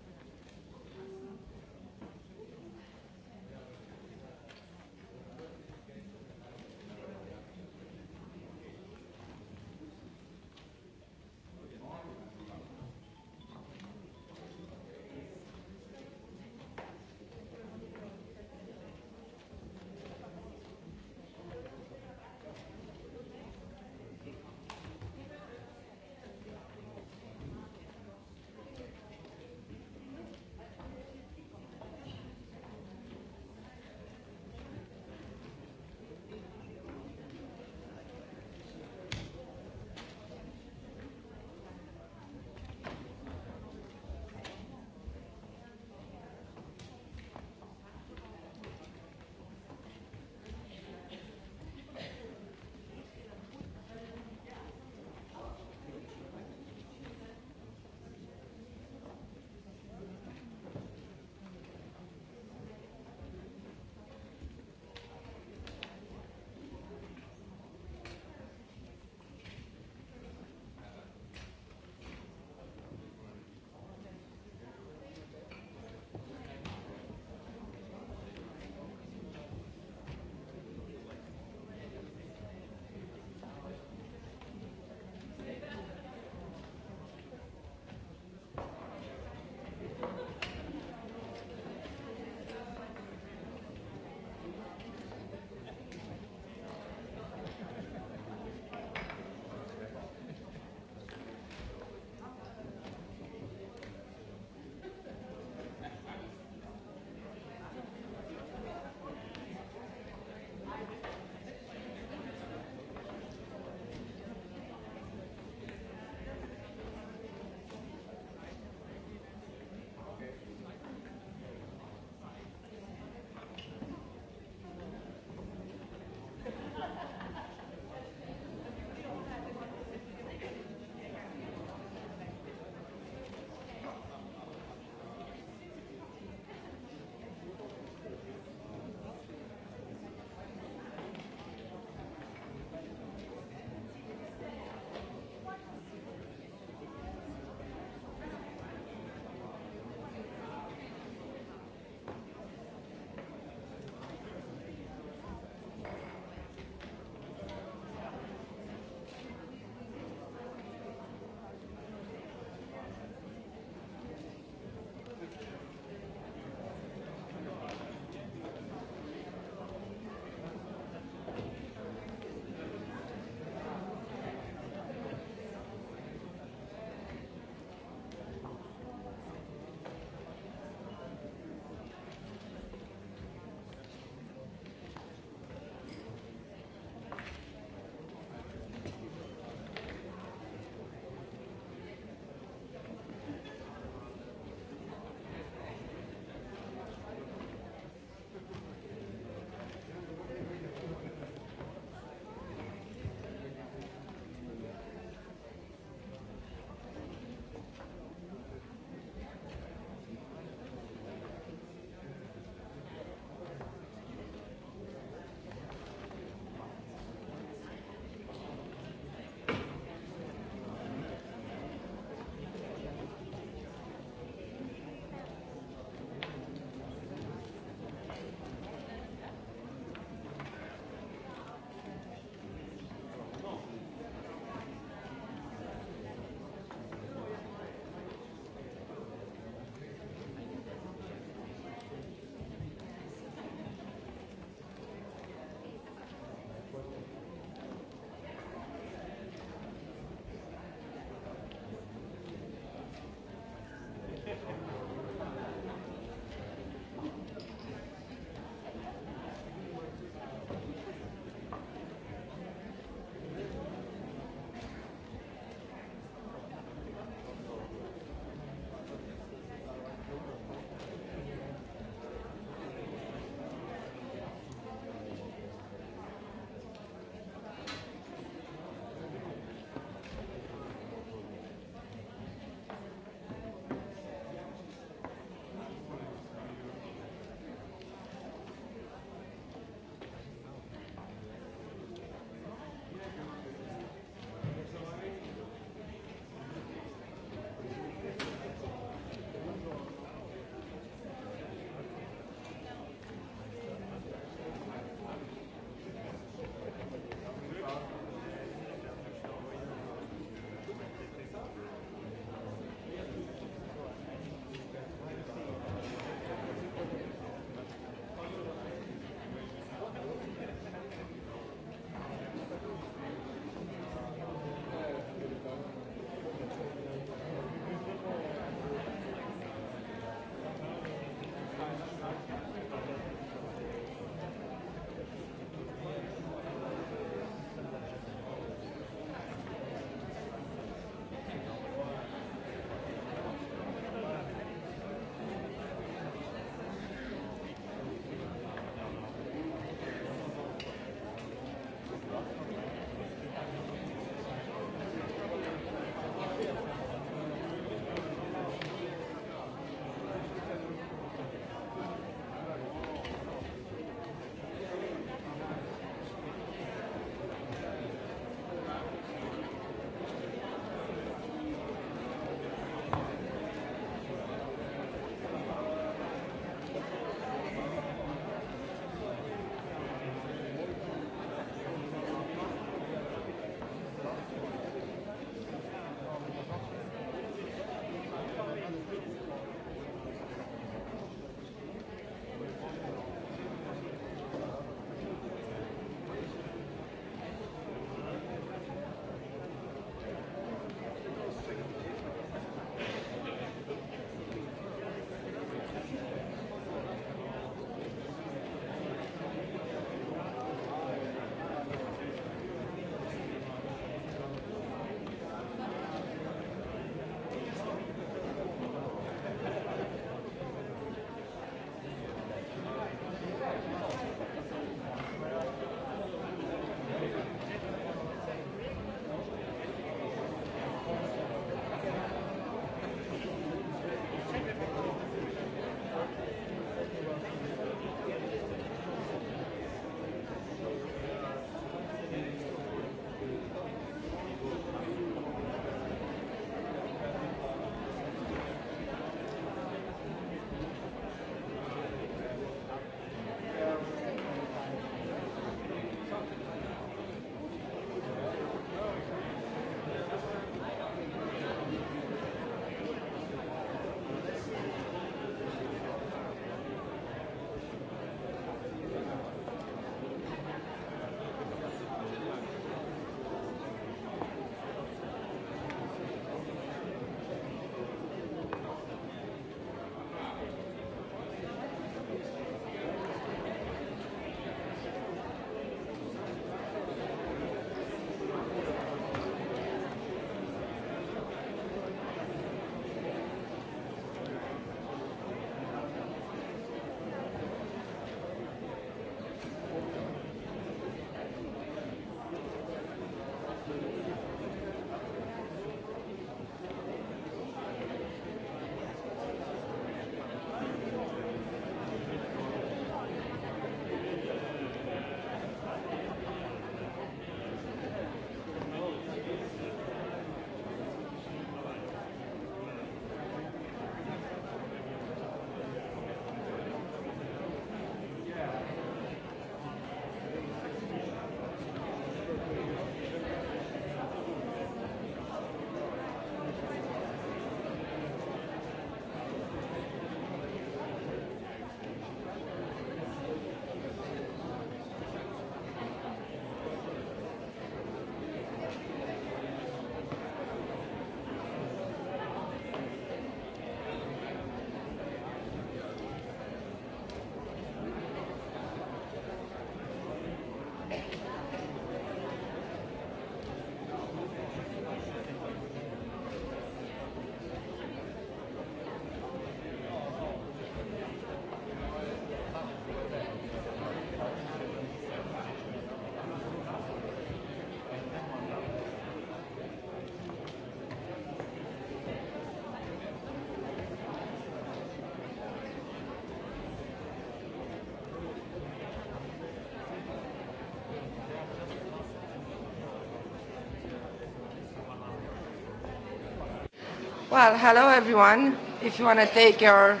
Well, hello everyone. If you want to take your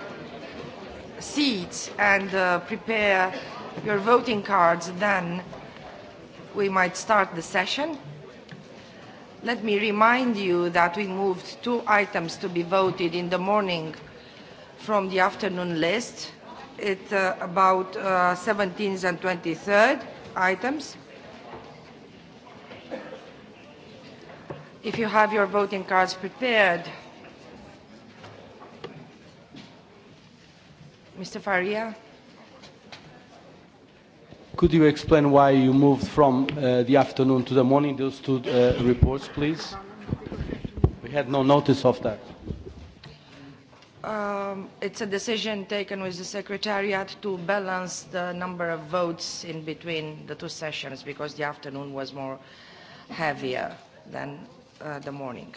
seats and uh, prepare your voting cards, then we might start the session. Let me remind you that we moved two items to be voted in the morning from the afternoon list. It's uh, about uh, 17th and 23rd items. If you have your voting cards prepared, Mr. Faria. Could you explain why you moved from uh, the afternoon to the morning, those two uh, reports, please? We had no notice of that. Um, it's a decision taken with the Secretariat to balance the number of votes in between the two sessions because the afternoon was more heavier than uh, the morning.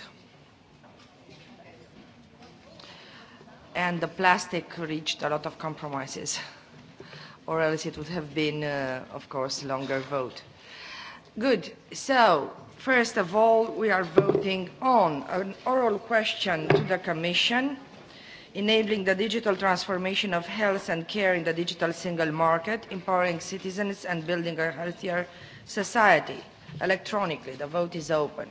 and the plastic reached a lot of compromises, or else it would have been, uh, of course, longer vote. Good. So, first of all, we are voting on an oral question to the Commission enabling the digital transformation of health and care in the digital single market, empowering citizens and building a healthier society. Electronically, the vote is open.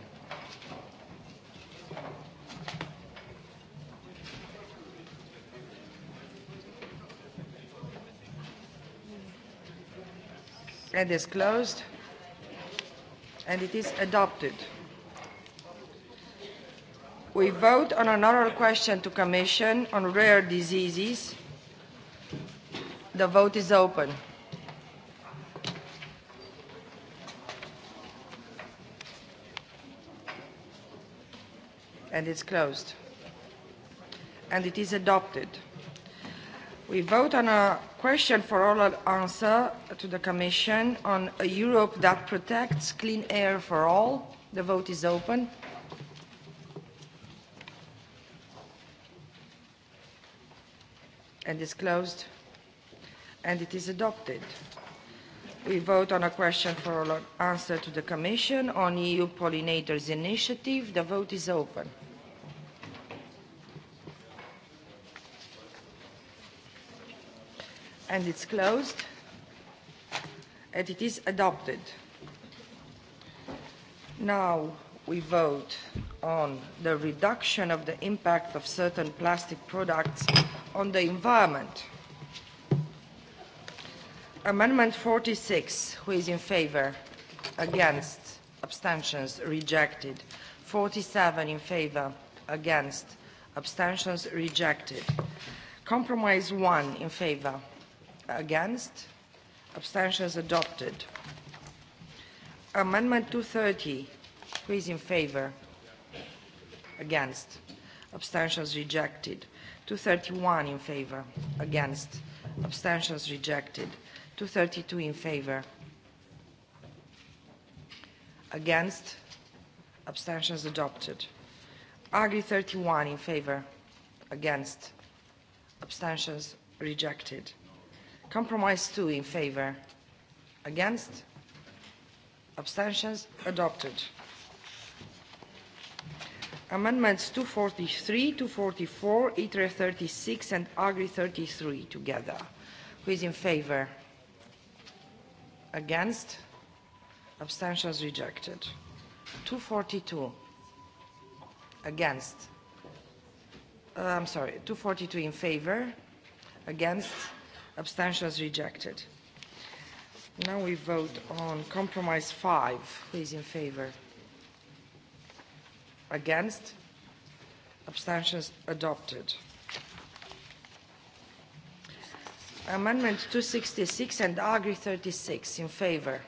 It is closed, and it is adopted. We vote on an oral question to Commission on rare diseases. The vote is open. And it's closed. And it is adopted. We vote on a question for oral answer to the Commission on a Europe that protects clean air for all. The vote is open. And is closed. And it is adopted. We vote on a question for oral answer to the Commission on EU pollinators initiative. The vote is open. and it's closed and it is adopted. Now we vote on the reduction of the impact of certain plastic products on the environment. Amendment 46, who is in favor? Against? Abstentions? Rejected. 47 in favor? Against? Abstentions? Rejected. Compromise 1 in favor? Against? Abstentions adopted. Amendment 230. Who is in favor? Against? Abstentions rejected. 231 in favor. Against? Abstentions rejected. 232 in favor. Against? Abstentions adopted. Agri 31 in favor. Against? Abstentions rejected. Compromise two in favor. Against? Abstentions? Adopted. Amendments 243, 244, ITRE 36, and AGRI 33 together. Who is in favor? Against? Abstentions rejected. 242. Against? Uh, I'm sorry, 242 in favor. Against? abstentions rejected. Now we vote on compromise five. Who is in favor? Against? Abstentions adopted. Amendment 266 and Agri 36 in favor.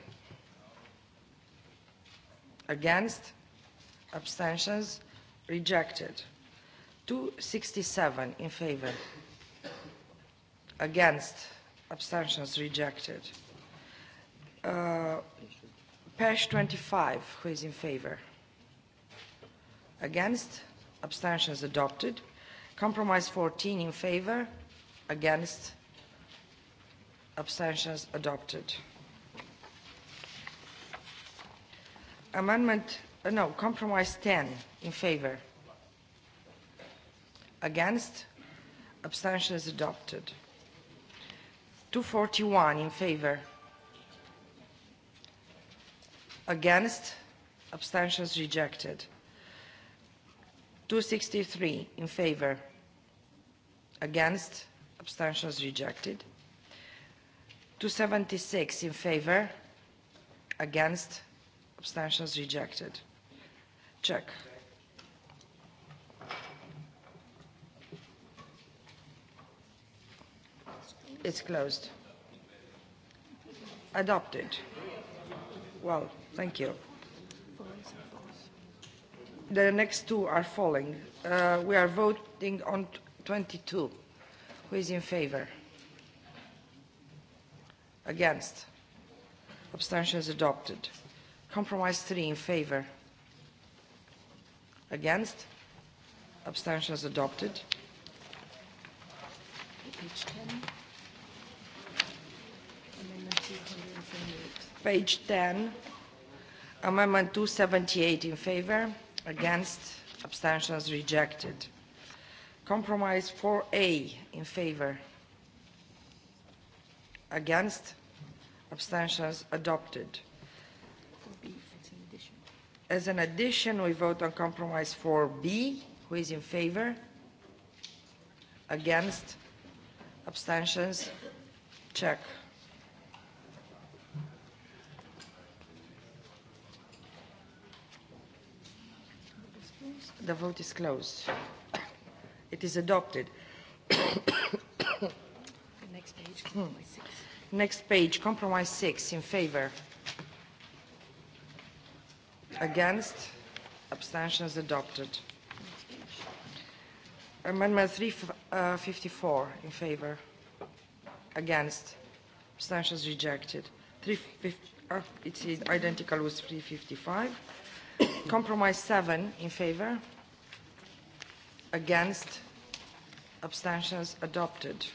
Against? Abstentions rejected. 267 in favor against abstentions rejected uh, page 25 who is in favor against abstentions adopted compromise 14 in favor against abstentions adopted amendment uh, no compromise 10 in favor against abstentions adopted 241 in favor. Against. Abstentions rejected. 263 in favor. Against. Abstentions rejected. 276 in favor. Against. Abstentions rejected. Check. It's closed. Adopted. Well, thank you. The next two are falling. Uh, we are voting on 22. Who is in favor? Against? Abstentions adopted. Compromise 3 in favor. Against? Abstentions adopted. Page 10. Page 10, Amendment 278 in favor, against, abstentions rejected. Compromise 4A in favor, against, abstentions adopted. As an addition, we vote on compromise 4B. Who is in favor? Against? Abstentions? Check. The vote is closed. It is adopted. Next page, compromise six. Next page, compromise six, in favor. Against, is adopted. Amendment 354, in favor. Against, is rejected. Three uh, it's identical with 355. compromise seven, in favor Against? Abstentions adopted.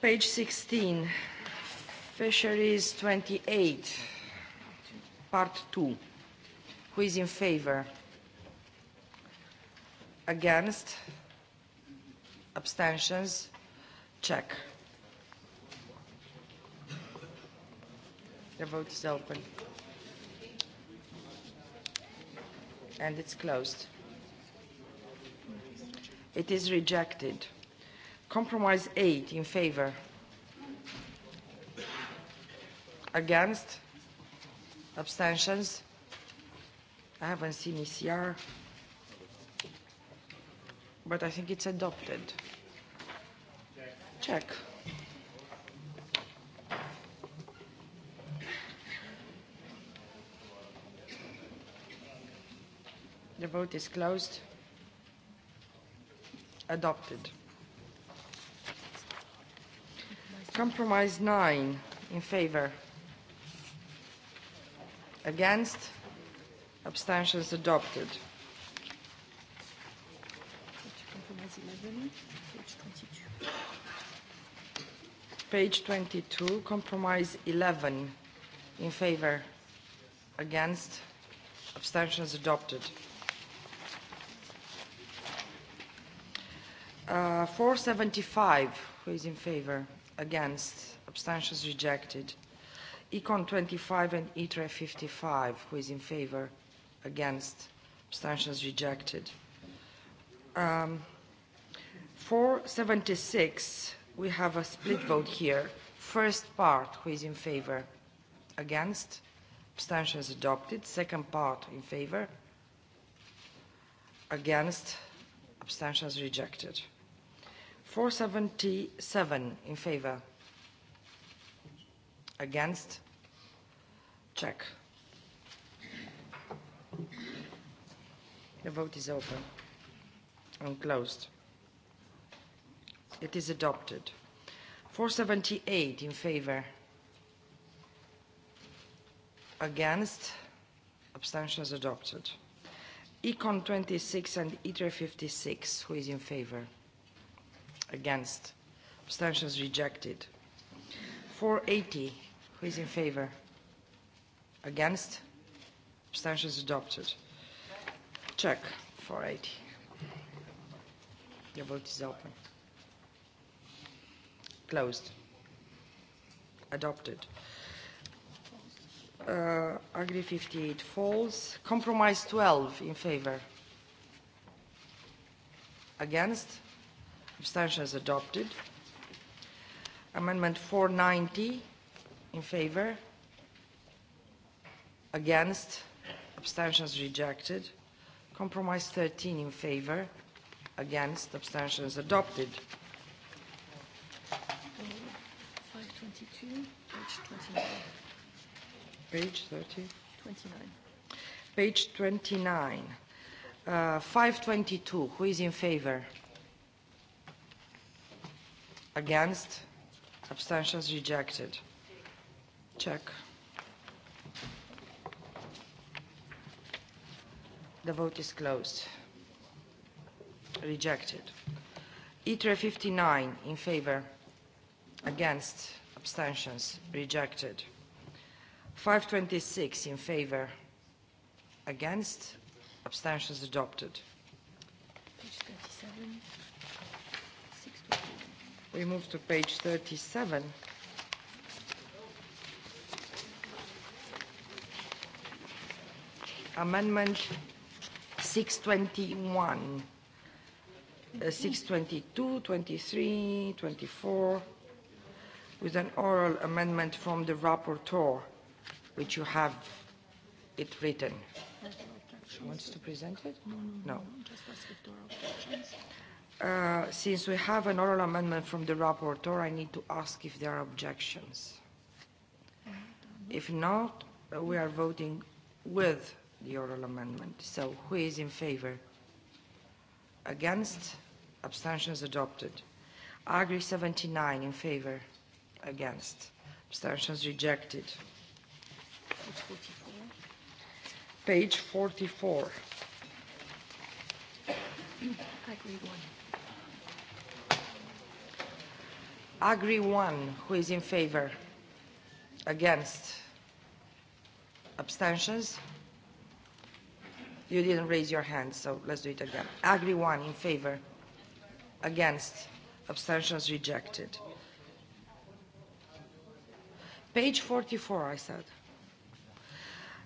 Page 16, Fisheries 28, Part 2. Who is in favor? Against? Abstentions? Check. The vote is open. and it's closed. It is rejected. Compromise 8 in favor. Against? Abstentions? I haven't seen ECR, but I think it's adopted. Check. Check. The vote is closed. Adopted. Compromise 9 in favor. Against. Abstentions adopted. Page 22, compromise 11 in favor. Against. Abstentions adopted. 475, who is in favor? Against? Abstentions rejected. Econ 25 and ITRE 55, who is in favor? Against? Abstentions rejected. Um, 476, we have a split vote here. First part, who is in favor? Against? Abstentions adopted. Second part, in favor? Against? Abstentions rejected. 477 in favor. Against? Check. The vote is open and closed. It is adopted. 478 in favor. Against? Abstentions adopted. Econ 26 and ITRE 56. Who is in favor? against abstentions rejected 480 who is in favor against abstentions adopted check 480 Your vote is open closed adopted uh, agree 58 falls compromise 12 in favor against Abstention is adopted. Amendment 490 in favor. Against. Abstention is rejected. Compromise 13 in favor. Against. Abstention is adopted. Page 30? 29. Page 29. Uh, 522, who is in favor? Against? Abstentions rejected. Check. The vote is closed. Rejected. ITRE 59 in favor. Against? Abstentions rejected. 526 in favor. Against? Abstentions adopted. Page 37. We move to page 37. Amendment 621, uh, 622, 23, 24, with an oral amendment from the rapporteur, which you have it written. She wants to present it? No. no, no. Just ask if there are Uh, since we have an oral amendment from the rapporteur, I need to ask if there are objections. If not, we are voting with the oral amendment. So who is in favor? Against? Abstentions adopted. Agri 79 in favor. Against? Abstentions rejected. Page 44. Page 44. Agri one who is in favor? Against? Abstentions? You didn't raise your hand, so let's do it again. Agri one in favor? Against? Abstentions rejected. Page 44, I said.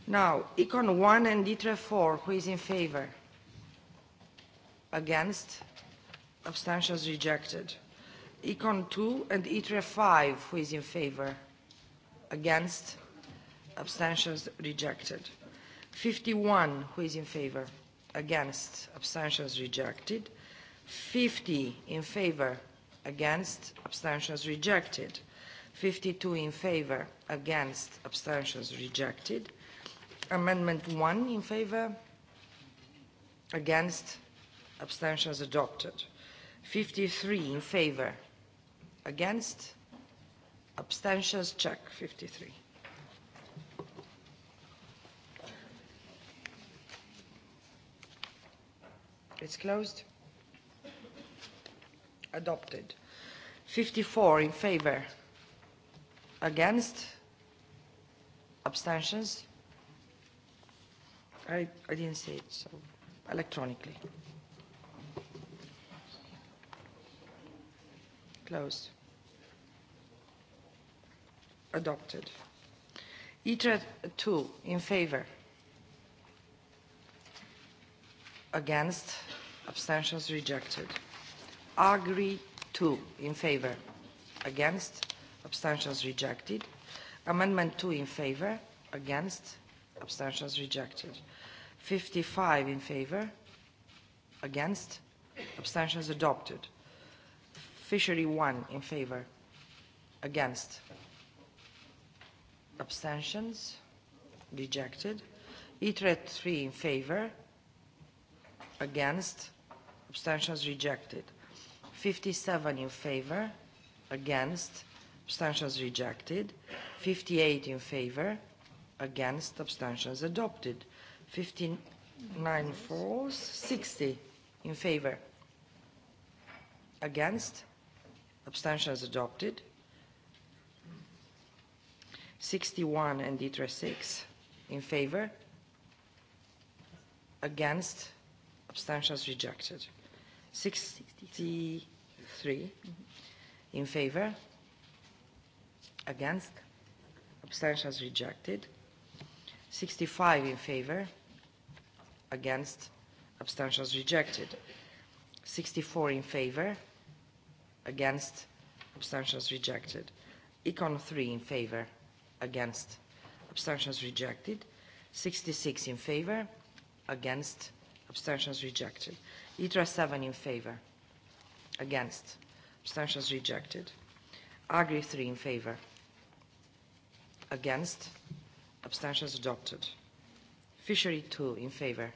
Now, Econ 1 and ITRE 4, who is in favor? Against? Abstentions rejected. Econ 2 and ITRE 5. Who is in favor? Against? Abstentions rejected. 51. Who is in favor? Against? Abstentions rejected. 50 in favor? Against? Abstentions rejected. 52 in favor? Against? Abstentions rejected. Amendment 1 in favor? Against? Abstentions adopted. 53 in favor? Against? Abstentions? Check. 53. It's closed. Adopted. 54 in favor. Against? Abstentions? I, I didn't see it, so electronically. Closed adopted. ITRA 2 in favor. Against. Abstentions rejected. AGRI 2 in favor. Against. Abstentions rejected. Amendment 2 in favor. Against. Abstentions rejected. 55 in favor. Against. Abstentions adopted. Fishery 1 in favor. Against abstentions, rejected. ITRE 3 in favor, against, abstentions rejected. 57 in favor, against, abstentions rejected. 58 in favor, against, abstentions adopted. 59 falls, 60 in favor, against, abstentions adopted. 61 and ITRE 6 in favor, against, abstentions rejected. 63 in favor, against, abstentions rejected. 65 in favor, against, abstentions rejected. 64 in favor, against, abstentions rejected. Econ 3 in favor, against, abstentions rejected. 66 in favor, against, abstentions rejected. ITRA 7 in favor, against, abstentions rejected. Agri 3 in favor, against, abstentions adopted. Fishery 2 in favor,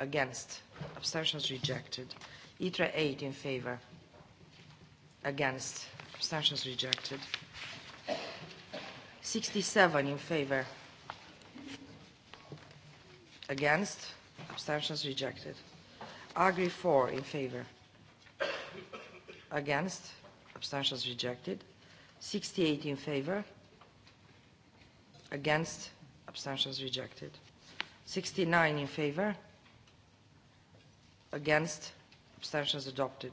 against, abstentions rejected. ITRA 8 in favor, against, abstentions rejected. 67 in favor. Against. Abstentions rejected. Agri 4 in favor. Against. Abstentions rejected. 68 in favor. Against. Abstentions rejected. 69 in favor. Against. Abstentions adopted.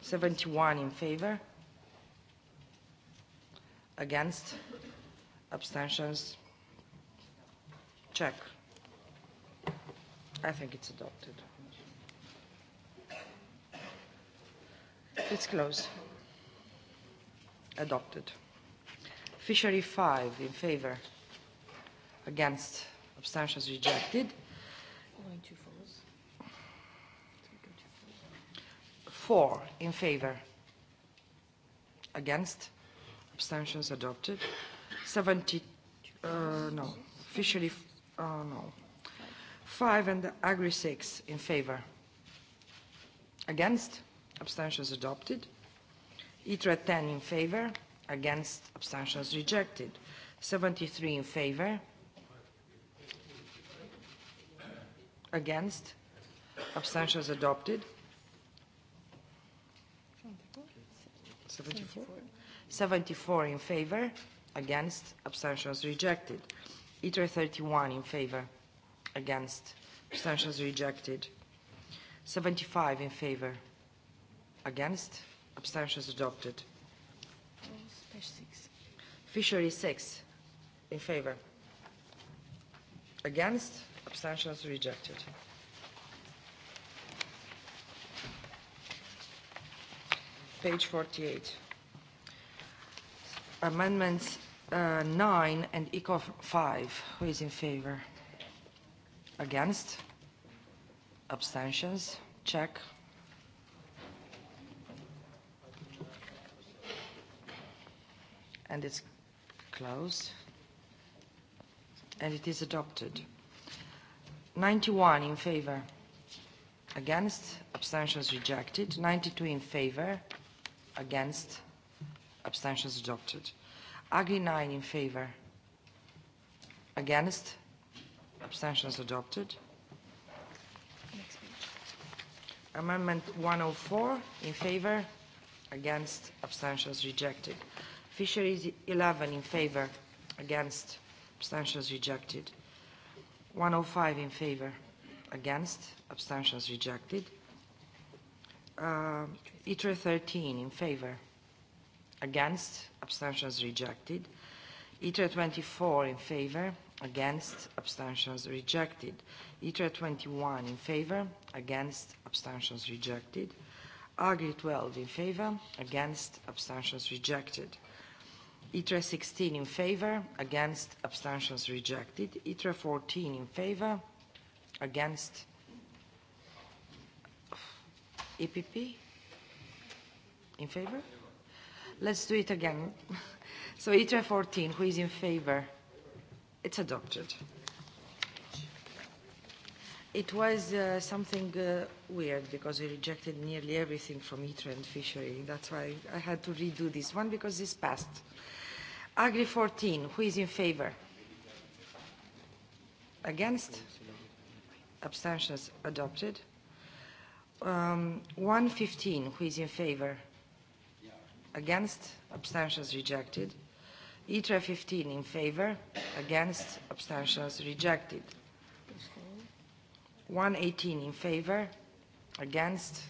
71 in favor Against? Abstentions? Check. I think it's adopted. It's closed. Adopted. Fishery 5 in favor. Against? Abstentions rejected. Four in favor. Against? abstentions adopted. 70, uh, no, officially, oh no. five and Agri six in favor. Against, abstentions adopted. ITRA 10 in favor, against, abstentions rejected. 73 in favor, against, abstentions adopted. 74. 74? 74 in favor, against, abstentions rejected. ITRE 31 in favor, against, abstentions rejected. 75 in favor, against, abstentions adopted. Fishery 6 in favor, against, abstentions rejected. Page 48 amendments uh, 9 and ECO 5. Who is in favor? Against? Abstentions? Check. And it's closed. And it is adopted. 91 in favor. Against? Abstentions rejected. 92 in favor. Against? Abstentions adopted. Agri 9 in favor. Against. Abstentions adopted. Amendment 104 in favor. Against. Abstentions rejected. Fisheries 11 in favor. Against. Abstentions rejected. 105 in favor. Against. Abstentions rejected. Uh, ITRE 13 in favor against, abstentions rejected. ITRE 24 in favor, against, abstentions rejected. ITRE 21 in favor, against, abstentions rejected. AGRI 12 in favor, against, abstentions rejected. ITRE 16 in favor, against, abstentions rejected. ITRE 14 in favor, against, EPP in favor? Let's do it again. So ITRE 14, who is in favor? It's adopted. It was uh, something uh, weird because we rejected nearly everything from ITRE and fishery. That's why I had to redo this one because this passed. Agri 14, who is in favor? Against? Abstentions adopted. Um, 115, who is in favor? against, abstentions rejected. ITRA 15 in favor, against, abstentions rejected. 118 in favor, against.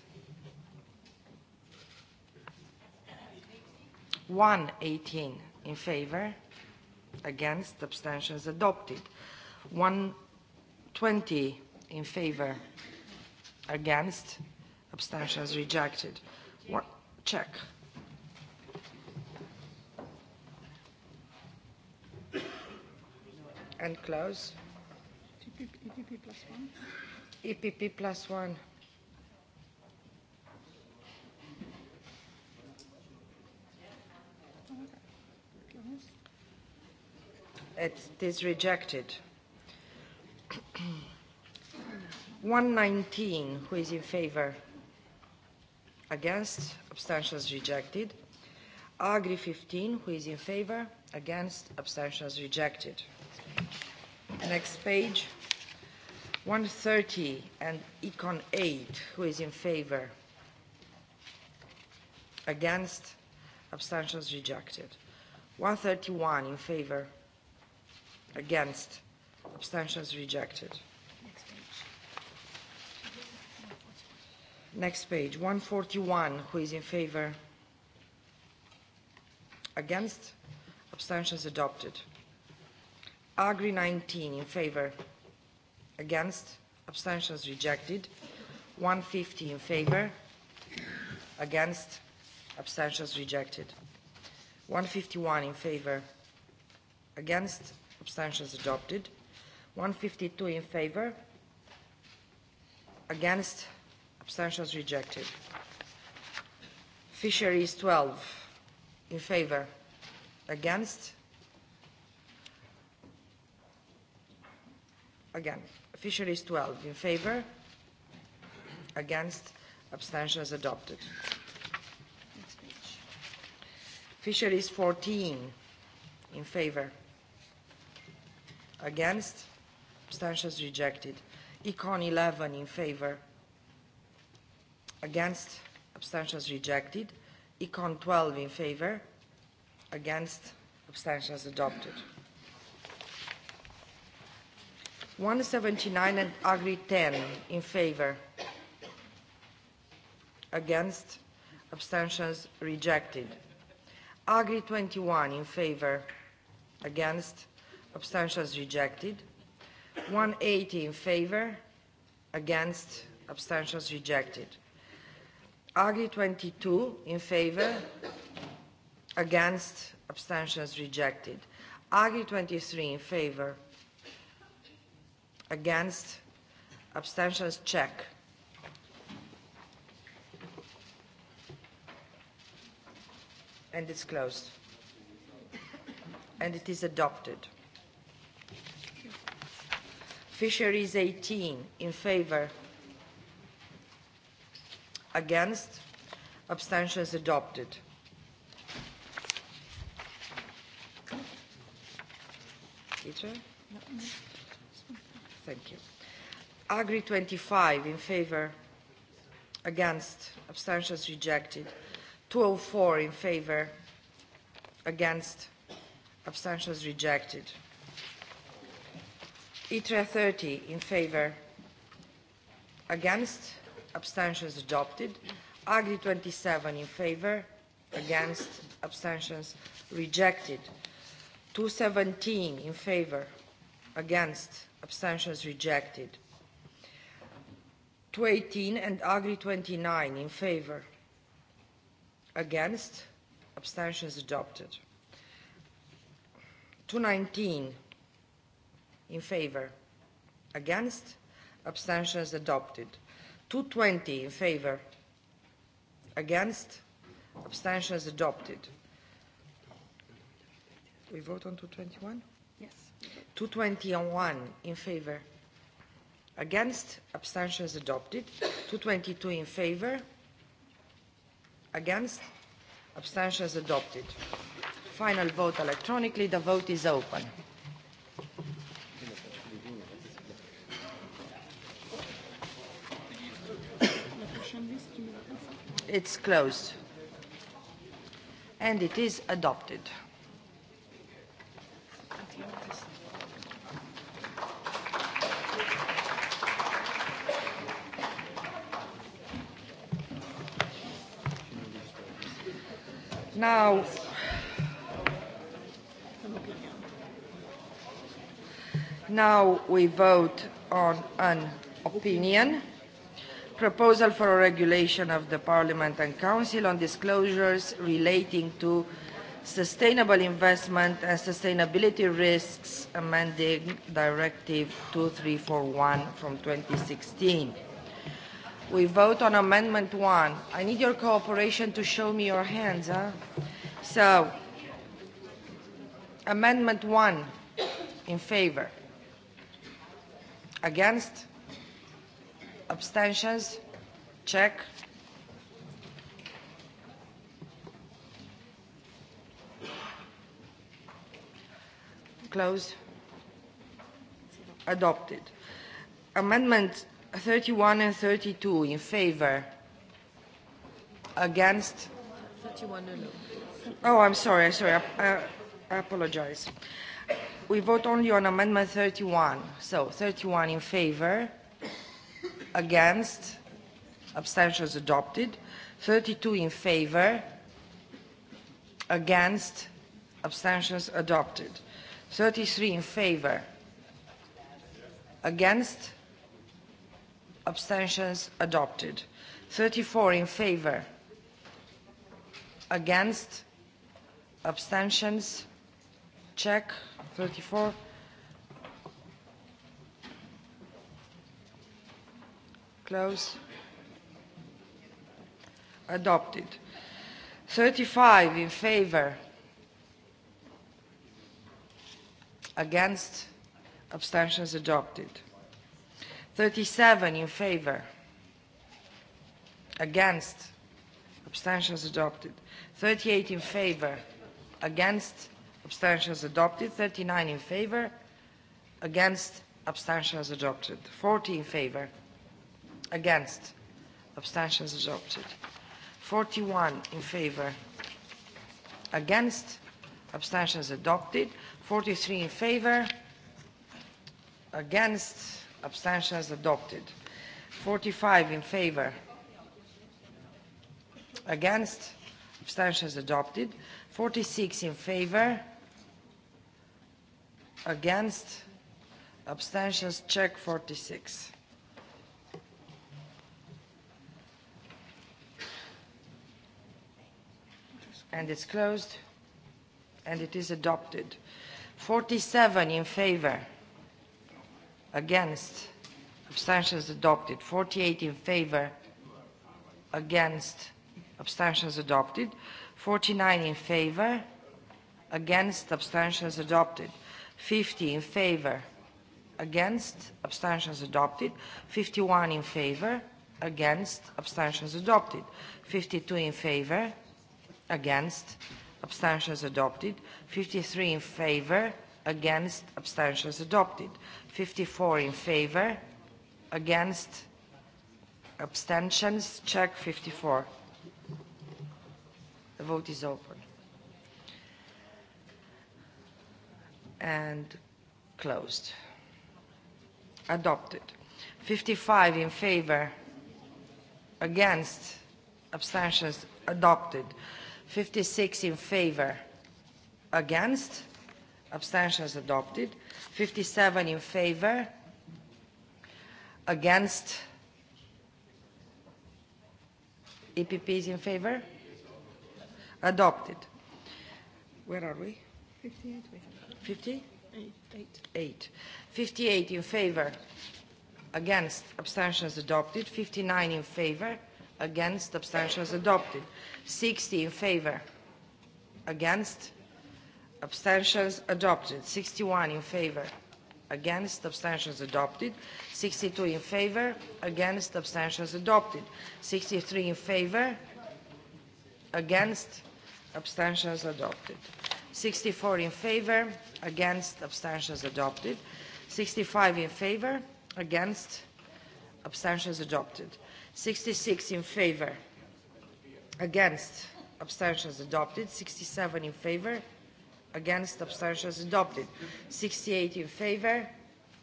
118 in favor, against, abstentions adopted. 120 in favor, against, abstentions rejected. One, check. and close. EPP plus one. EPP plus one. It is rejected. 119, who is in favor? Against, abstentions rejected. Agri 15, who is in favor? Against, abstentions rejected. Next page. 130 and Econ 8. Who is in favor? Against? Abstentions rejected. 131 in favor? Against? Abstentions rejected. Next page. 141. Who is in favor? Against? Abstentions adopted. Agri 19 in favor, against, abstentions rejected. 150 in favor, against, abstentions rejected. 151 in favor, against, abstentions adopted. 152 in favor, against, abstentions rejected. Fisheries 12 in favor, against, again. Fisheries 12 in favor, against, abstentions adopted. Fisheries 14 in favor, against, abstentions rejected. Econ 11 in favor, against, abstentions rejected. Econ 12 in favor, against, abstentions adopted. 179 and Agri 10 in favor. Against. Abstentions rejected. Agri 21 in favor. Against. Abstentions rejected. 180 in favor. Against. Abstentions rejected. Agri 22 in favor. Against. Abstentions rejected. Agri 23 in favor Against? Abstentions? Check. And it's closed. And it is adopted. Fisheries 18 in favor. Against? Abstentions adopted. Peter? No. Thank you. Agri 25 in favor, against, abstentions rejected. 204 in favor, against, abstentions rejected. ITRA 30 in favor, against, abstentions adopted. Agri 27 in favor, against, abstentions rejected. 217 in favor, against, abstentions rejected. 218 and Agri 29 in favor, against, abstentions adopted. 219 in favor, against, abstentions adopted. 220 in favor, against, abstentions adopted. We vote on 221? 221 in favor. Against, abstentions adopted. 222 in favor. Against, abstentions adopted. Final vote electronically. The vote is open. It's closed. And it is adopted. Now, now we vote on an opinion proposal for a regulation of the Parliament and Council on disclosures relating to sustainable investment and sustainability risks amending Directive 2341 from 2016. We vote on Amendment one. I need your cooperation to show me your hands. Huh? So, Amendment one in favor. Against? Abstentions? Check. Close. Adopted. Amendment 31 and 32 in favor against 31 alone. Oh, I'm sorry, I'm sorry. I, I apologize. We vote only on Amendment 31. So 31 in favor, against, abstentions adopted. 32 in favor, against, abstentions adopted. 33 in favor, against, abstentions adopted 34 in favor against abstentions check 34 close adopted 35 in favor against abstentions adopted 37 in favor. Against. Abstentions adopted. 38 in favor. Against. Abstentions adopted. 39 in favor. Against. Abstentions adopted. 40 in favor. Against. Abstentions adopted. 41 in favor. Against. Abstentions adopted. 43 in favor. Against abstentions adopted 45 in favor against abstentions adopted 46 in favor against abstentions check 46 and it's closed and it is adopted 47 in favor against, abstentions adopted. 48 in favor, against, abstentions adopted. 49 in favor, against, abstentions adopted. 50 in favor, against, abstentions adopted. 51 in favor, against, abstentions adopted. 52 in favor, against, abstentions adopted. 53 in favor, against, abstentions adopted. 54 in favor, against, abstentions, check 54. The vote is open. And closed. Adopted. 55 in favor, against, abstentions adopted. 56 in favor, against, abstentions adopted. 57 in favor, against. EPP is in favor. Adopted. Where are we? 58. 50? 8. 58 in favor, against, abstentions adopted. 59 in favor, against, abstentions adopted. 60 in favor, against, abstentions adopted. 61 in favor, against, abstentions adopted. 62 in favor, against, abstentions adopted. 63 in favor, against, abstentions adopted. 64 in favor, against, abstentions adopted. 65 in favor, against, abstentions adopted. 66 in favor, against, abstentions adopted. 67 in favor, against abstentions adopted 68 in favor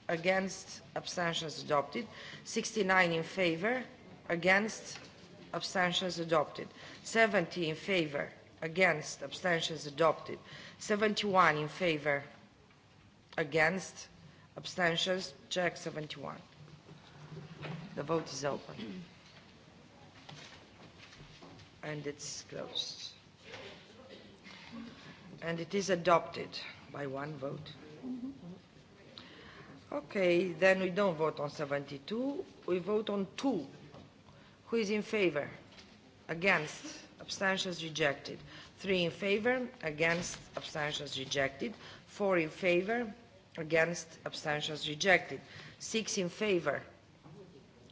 against abstentions adopted 69 in favor against abstentions adopted 70 in favor against abstentions adopted 71 in favor against abstentions check 71 the vote is open and it's closed and it is adopted by one vote. Okay, then we don't vote on 72. We vote on 2. Who is in favor? Against? Abstentions rejected. 3 in favor? Against? Abstentions rejected. 4 in favor? Against? Abstentions rejected. 6 in favor?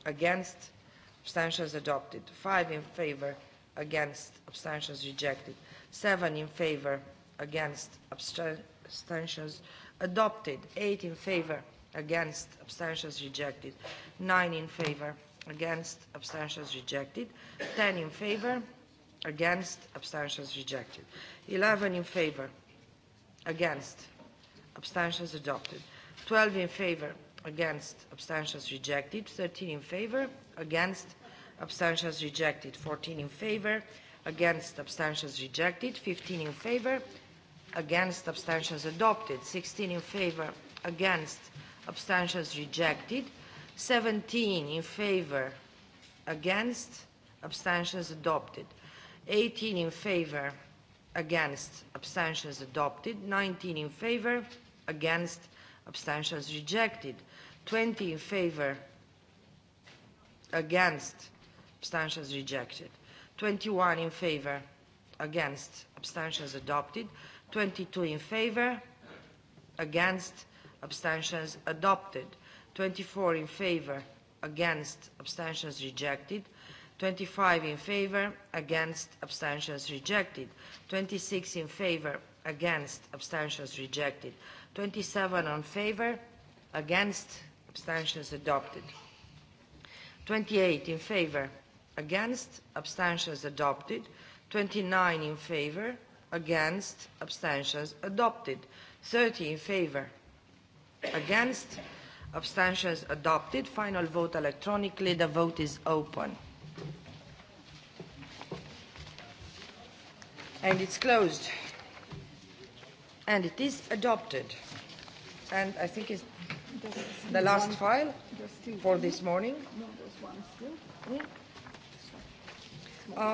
Against? Abstentions adopted. 5 in favor? Against? Abstentions rejected. 7 in favor? against abstentions adopted 8 in favor against abstentions rejected 9 in favor against abstentions rejected 10 in favor against abstentions rejected 11 in favor against abstentions adopted 12 in favor against abstentions rejected 13 in favor against abstentions rejected 14 in favor against abstentions rejected 15 in favor against, abstentions adopted. 16 in favor, against, abstentions rejected. 17 in favor, against, abstentions adopted. 18 in favor, against, abstentions adopted. 19 in favor, against, abstentions rejected. 20 in favor, against, abstentions rejected. 21 in favor, against, abstentions adopted. 22 in favor, against, abstentions adopted. 24 in favor, against, abstentions rejected. 25 in favor, against, abstentions rejected. 26 in favor, against, abstentions rejected. 27 in favor, against, abstentions adopted. 28 in favor, against, abstentions adopted. 29 in favor, against, abstentions adopted. 30 in favor, against, abstentions adopted. Final vote electronically. The vote is open. And it's closed. And it is adopted. And I think it's the last file for this morning. No, there's one still.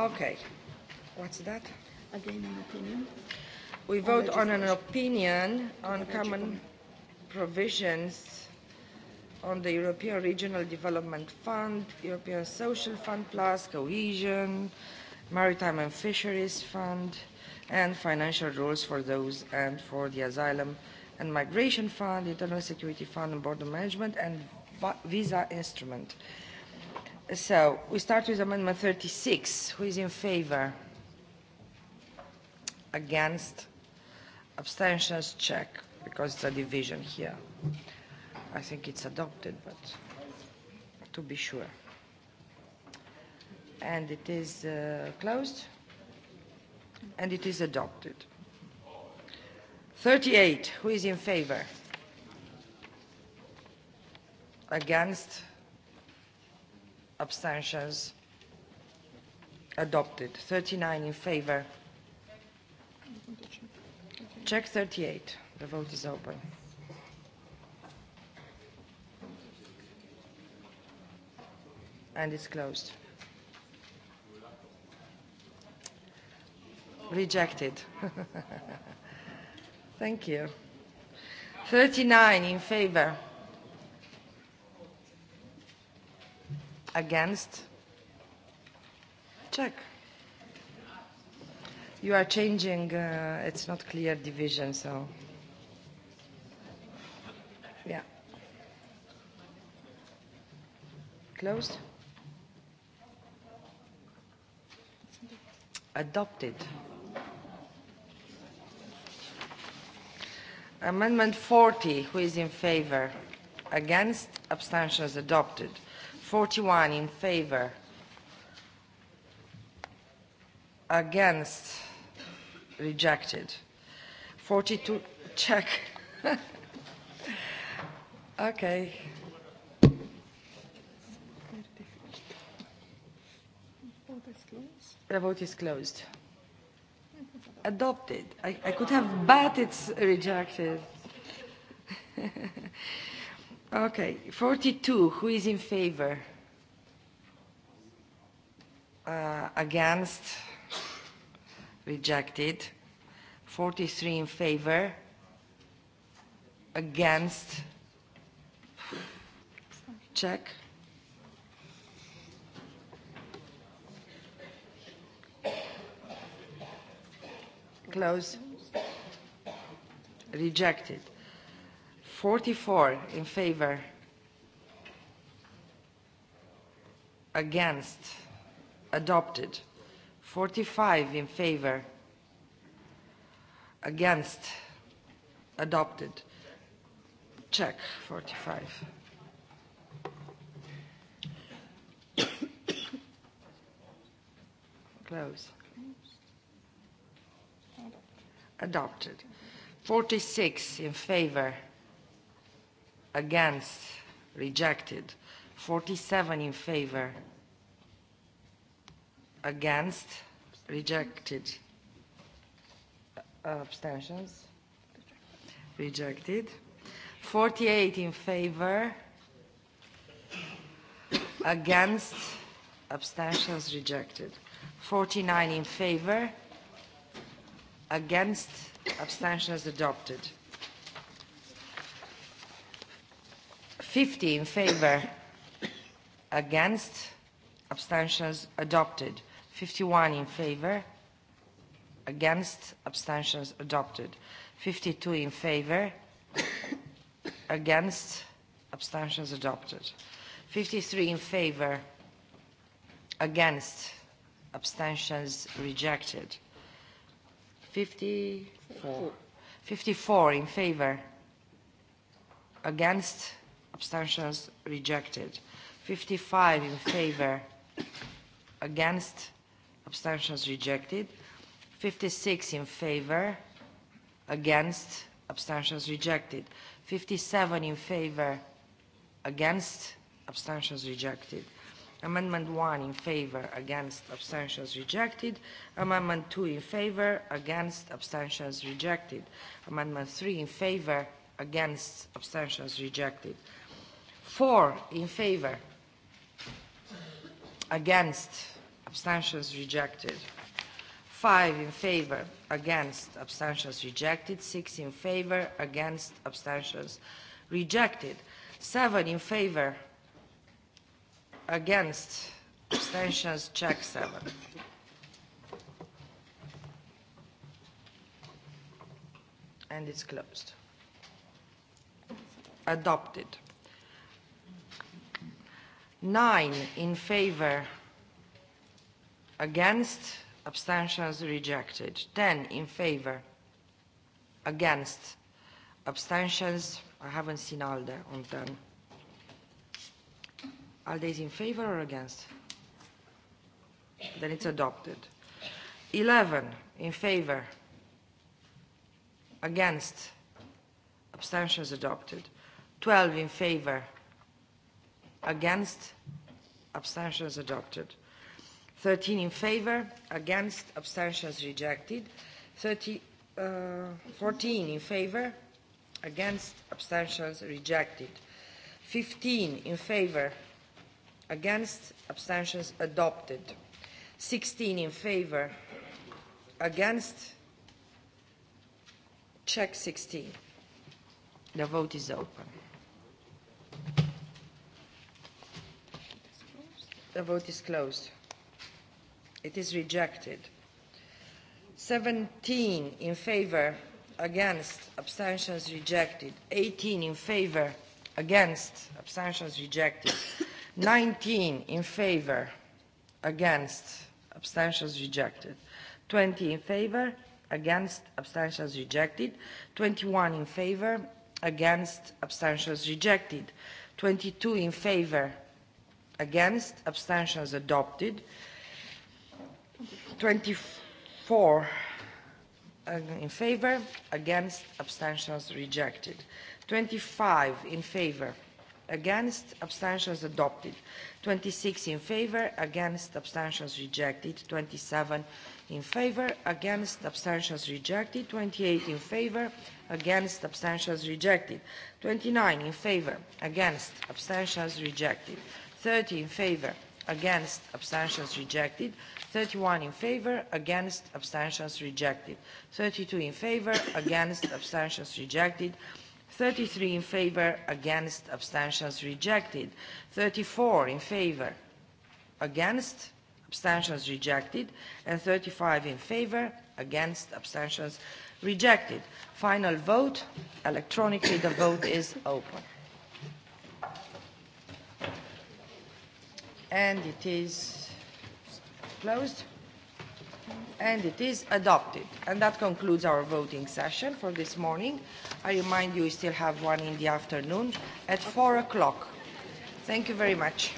Okay. What's that? Again, an opinion. We vote on an opinion on common provisions on the European Regional Development Fund, European Social Fund Plus, Cohesion, Maritime and Fisheries Fund, and financial rules for those and for the Asylum and Migration Fund, Internal Security Fund and Border Management, and Visa Instrument. So we start with Amendment 36. Who is in favor? against, abstentions check, because it's a division here. I think it's adopted, but to be sure. And it is uh, closed, and it is adopted. 38, who is in favor? Against, abstentions, adopted. 39 in favor check 38. The vote is open. And it's closed. Rejected. Thank you. 39 in favor. Against. Check. You are changing, uh, it's not clear division, so. Yeah. Closed? Adopted. Amendment 40, who is in favor? Against? Abstentions adopted. 41 in favor. Against? rejected. 42 check. okay. The vote is closed. Adopted. I, I could have, but it's rejected. okay. 42. Who is in favor? Uh, against? rejected. 43 in favor, against, check. Close. Rejected. 44 in favor, against, adopted. 45 in favor, against, adopted. Check 45. Close. Adopted. 46 in favor, against, rejected. 47 in favor, against, rejected. Abstentions? Rejected. 48 in favor, against, abstentions rejected. 49 in favor, against, abstentions adopted. 50 in favor, against, abstentions adopted. 51 in favor, against, abstentions adopted. 52 in favor, against, abstentions adopted. 53 in favor, against, abstentions rejected. 54. 54 in favor, against, abstentions rejected. 55 in favor, against, abstentions rejected. 56 in favor, against, abstentions rejected. 57 in favor, against, abstentions rejected. Amendment 1 in favor, against, abstentions rejected. Amendment 2 in favor, against, abstentions rejected. Amendment 3 in favor, against, abstentions rejected. 4 in favor, against, abstentions rejected. Five in favor, against, abstentions rejected. six in favor, against, abstentions rejected. Seven in favor, against, abstentions check seven. And it's closed. Adopted. Nine in favor, against, abstentions rejected. 10 in favor, against, abstentions, I haven't seen ALDE on 10. ALDE is in favor or against? Then it's adopted. 11 in favor, against, abstentions adopted. 12 in favor, against, abstentions adopted. 13 in favor, against, abstentions rejected. 30, uh, 14 in favor, against, abstentions rejected. 15 in favor, against, abstentions adopted. 16 in favor, against, check 16. The vote is open. The vote is closed. It is rejected. 17 in favor, against, abstentions rejected. 18 in favor, against, abstentions rejected. 19 in favor, against, abstentions rejected. 20 in favor, against, abstentions rejected. 21 in favor, against, abstentions rejected. 22 in favor, against, abstentions adopted. 24 in favor, against, abstentions rejected. 25 in favor, against, abstentions adopted. 26 in favor, against, abstentions rejected. 27 in favor, against, abstentions rejected. 28 in favor, against, abstentions rejected. 29 in favor, against, abstentions rejected. 30 in favor, against, abstentions rejected. 31 in favor, against, abstentions rejected. 32 in favor, against, abstentions rejected. 33 in favor, against, abstentions rejected. 34 in favor, against, abstentions rejected. And 35 in favor, against, abstentions rejected. Final vote. Electronically, the vote is open. And it is closed. And it is adopted. And that concludes our voting session for this morning. I remind you, we still have one in the afternoon at 4 o'clock. Thank you very much.